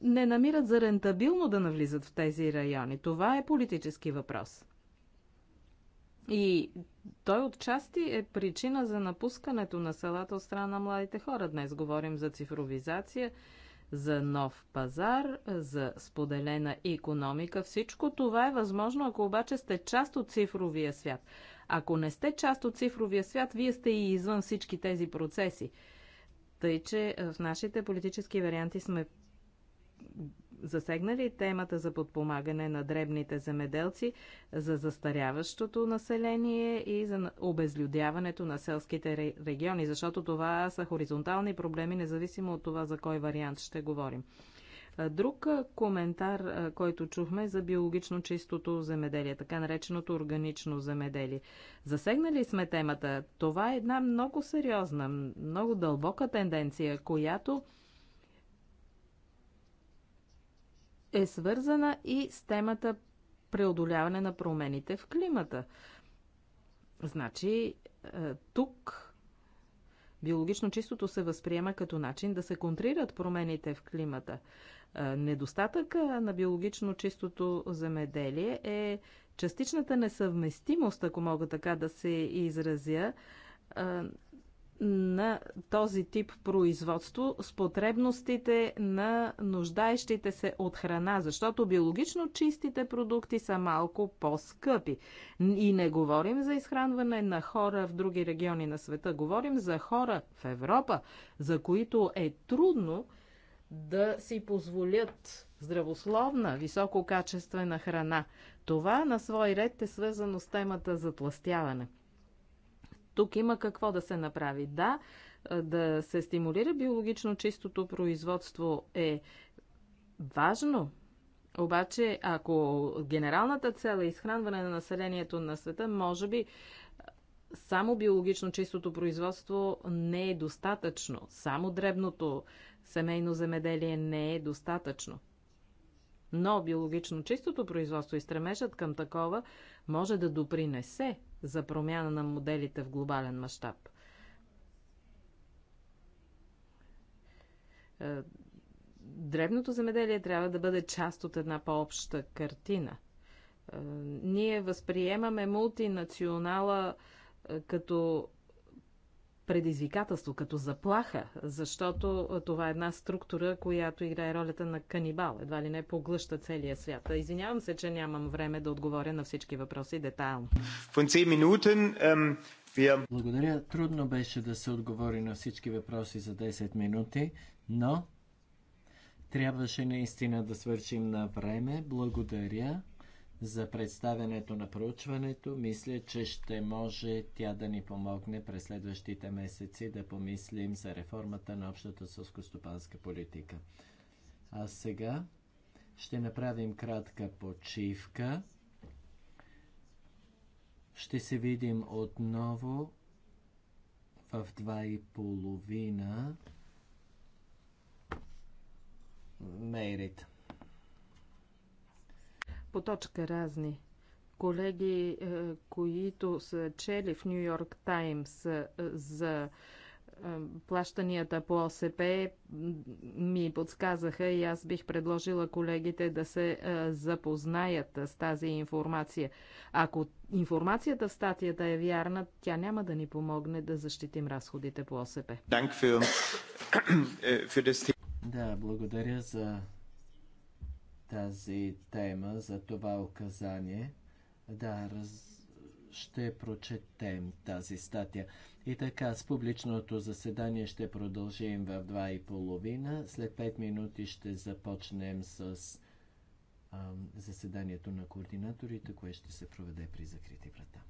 не намират за рентабилно да навлизат в тези райони. Това е политически въпрос. И той отчасти е причина за напускането на селата от страна на младите хора. Днес говорим за цифровизация, за нов пазар, за споделена економика. Всичко това е възможно, ако обаче сте част от цифровия свят. Ако не сте част от цифровия свят, вие сте и извън всички тези процеси. Тъй, че в нашите политически варианти сме засегнали темата за подпомагане на дребните земеделци, за застаряващото население и за обезлюдяването на селските региони, защото това са хоризонтални проблеми, независимо от това за кой вариант ще говорим. Друг коментар, който чухме за биологично чистото земеделие, така нареченото органично земеделие. Засегнали сме темата. Това е една много сериозна, много дълбока тенденция, която е свързана и с темата преодоляване на промените в климата. Значи, е, тук биологично чистото се възприема като начин да се контрират промените в климата. Е, недостатъка на биологично чистото земеделие е частичната несъвместимост, ако мога така да се изразя, е, на този тип производство с потребностите на нуждаещите се от храна, защото биологично чистите продукти са малко по-скъпи. И не говорим за изхранване на хора в други региони на света, говорим за хора в Европа, за които е трудно да си позволят здравословна, висококачествена храна. Това на свой ред е свързано с темата за затластяване – тук има какво да се направи. Да, да се стимулира биологично чистото производство е важно, обаче ако генералната цел е изхранване на населението на света, може би само биологично чистото производство не е достатъчно. Само дребното семейно земеделие не е достатъчно. Но биологично чистото производство и стремежът към такова може да допринесе за промяна на моделите в глобален мащаб. Е, дребното земеделие трябва да бъде част от една по-обща картина. Е, ние възприемаме мултинационала е, като предизвикателство, като заплаха, защото това е една структура, която играе ролята на канибал, едва ли не поглъща целия свят. Извинявам се, че нямам време да отговоря на всички въпроси детайлно. Благодаря. Трудно беше да се отговори на всички въпроси за 10 минути, но трябваше наистина да свършим на време. Благодаря за представянето на проучването. Мисля, че ще може тя да ни помогне през следващите месеци да помислим за реформата на общата сълскостопанска политика. А сега ще направим кратка почивка. Ще се видим отново в два и половина. Мейрит. По точка разни. Колеги, е, които са чели в Нью Йорк Таймс е, за е, плащанията по ОСП ми подсказаха и аз бих предложила колегите да се запознаят с тази информация. Ако информацията в статията е вярна, тя няма да ни помогне да защитим разходите по ОСП. Да, благодаря за тази тема, за това указание. Да, раз... ще прочетем тази статия. И така, с публичното заседание ще продължим в 2.30. След 5 минути ще започнем с а, заседанието на координаторите, което ще се проведе при закрити врата.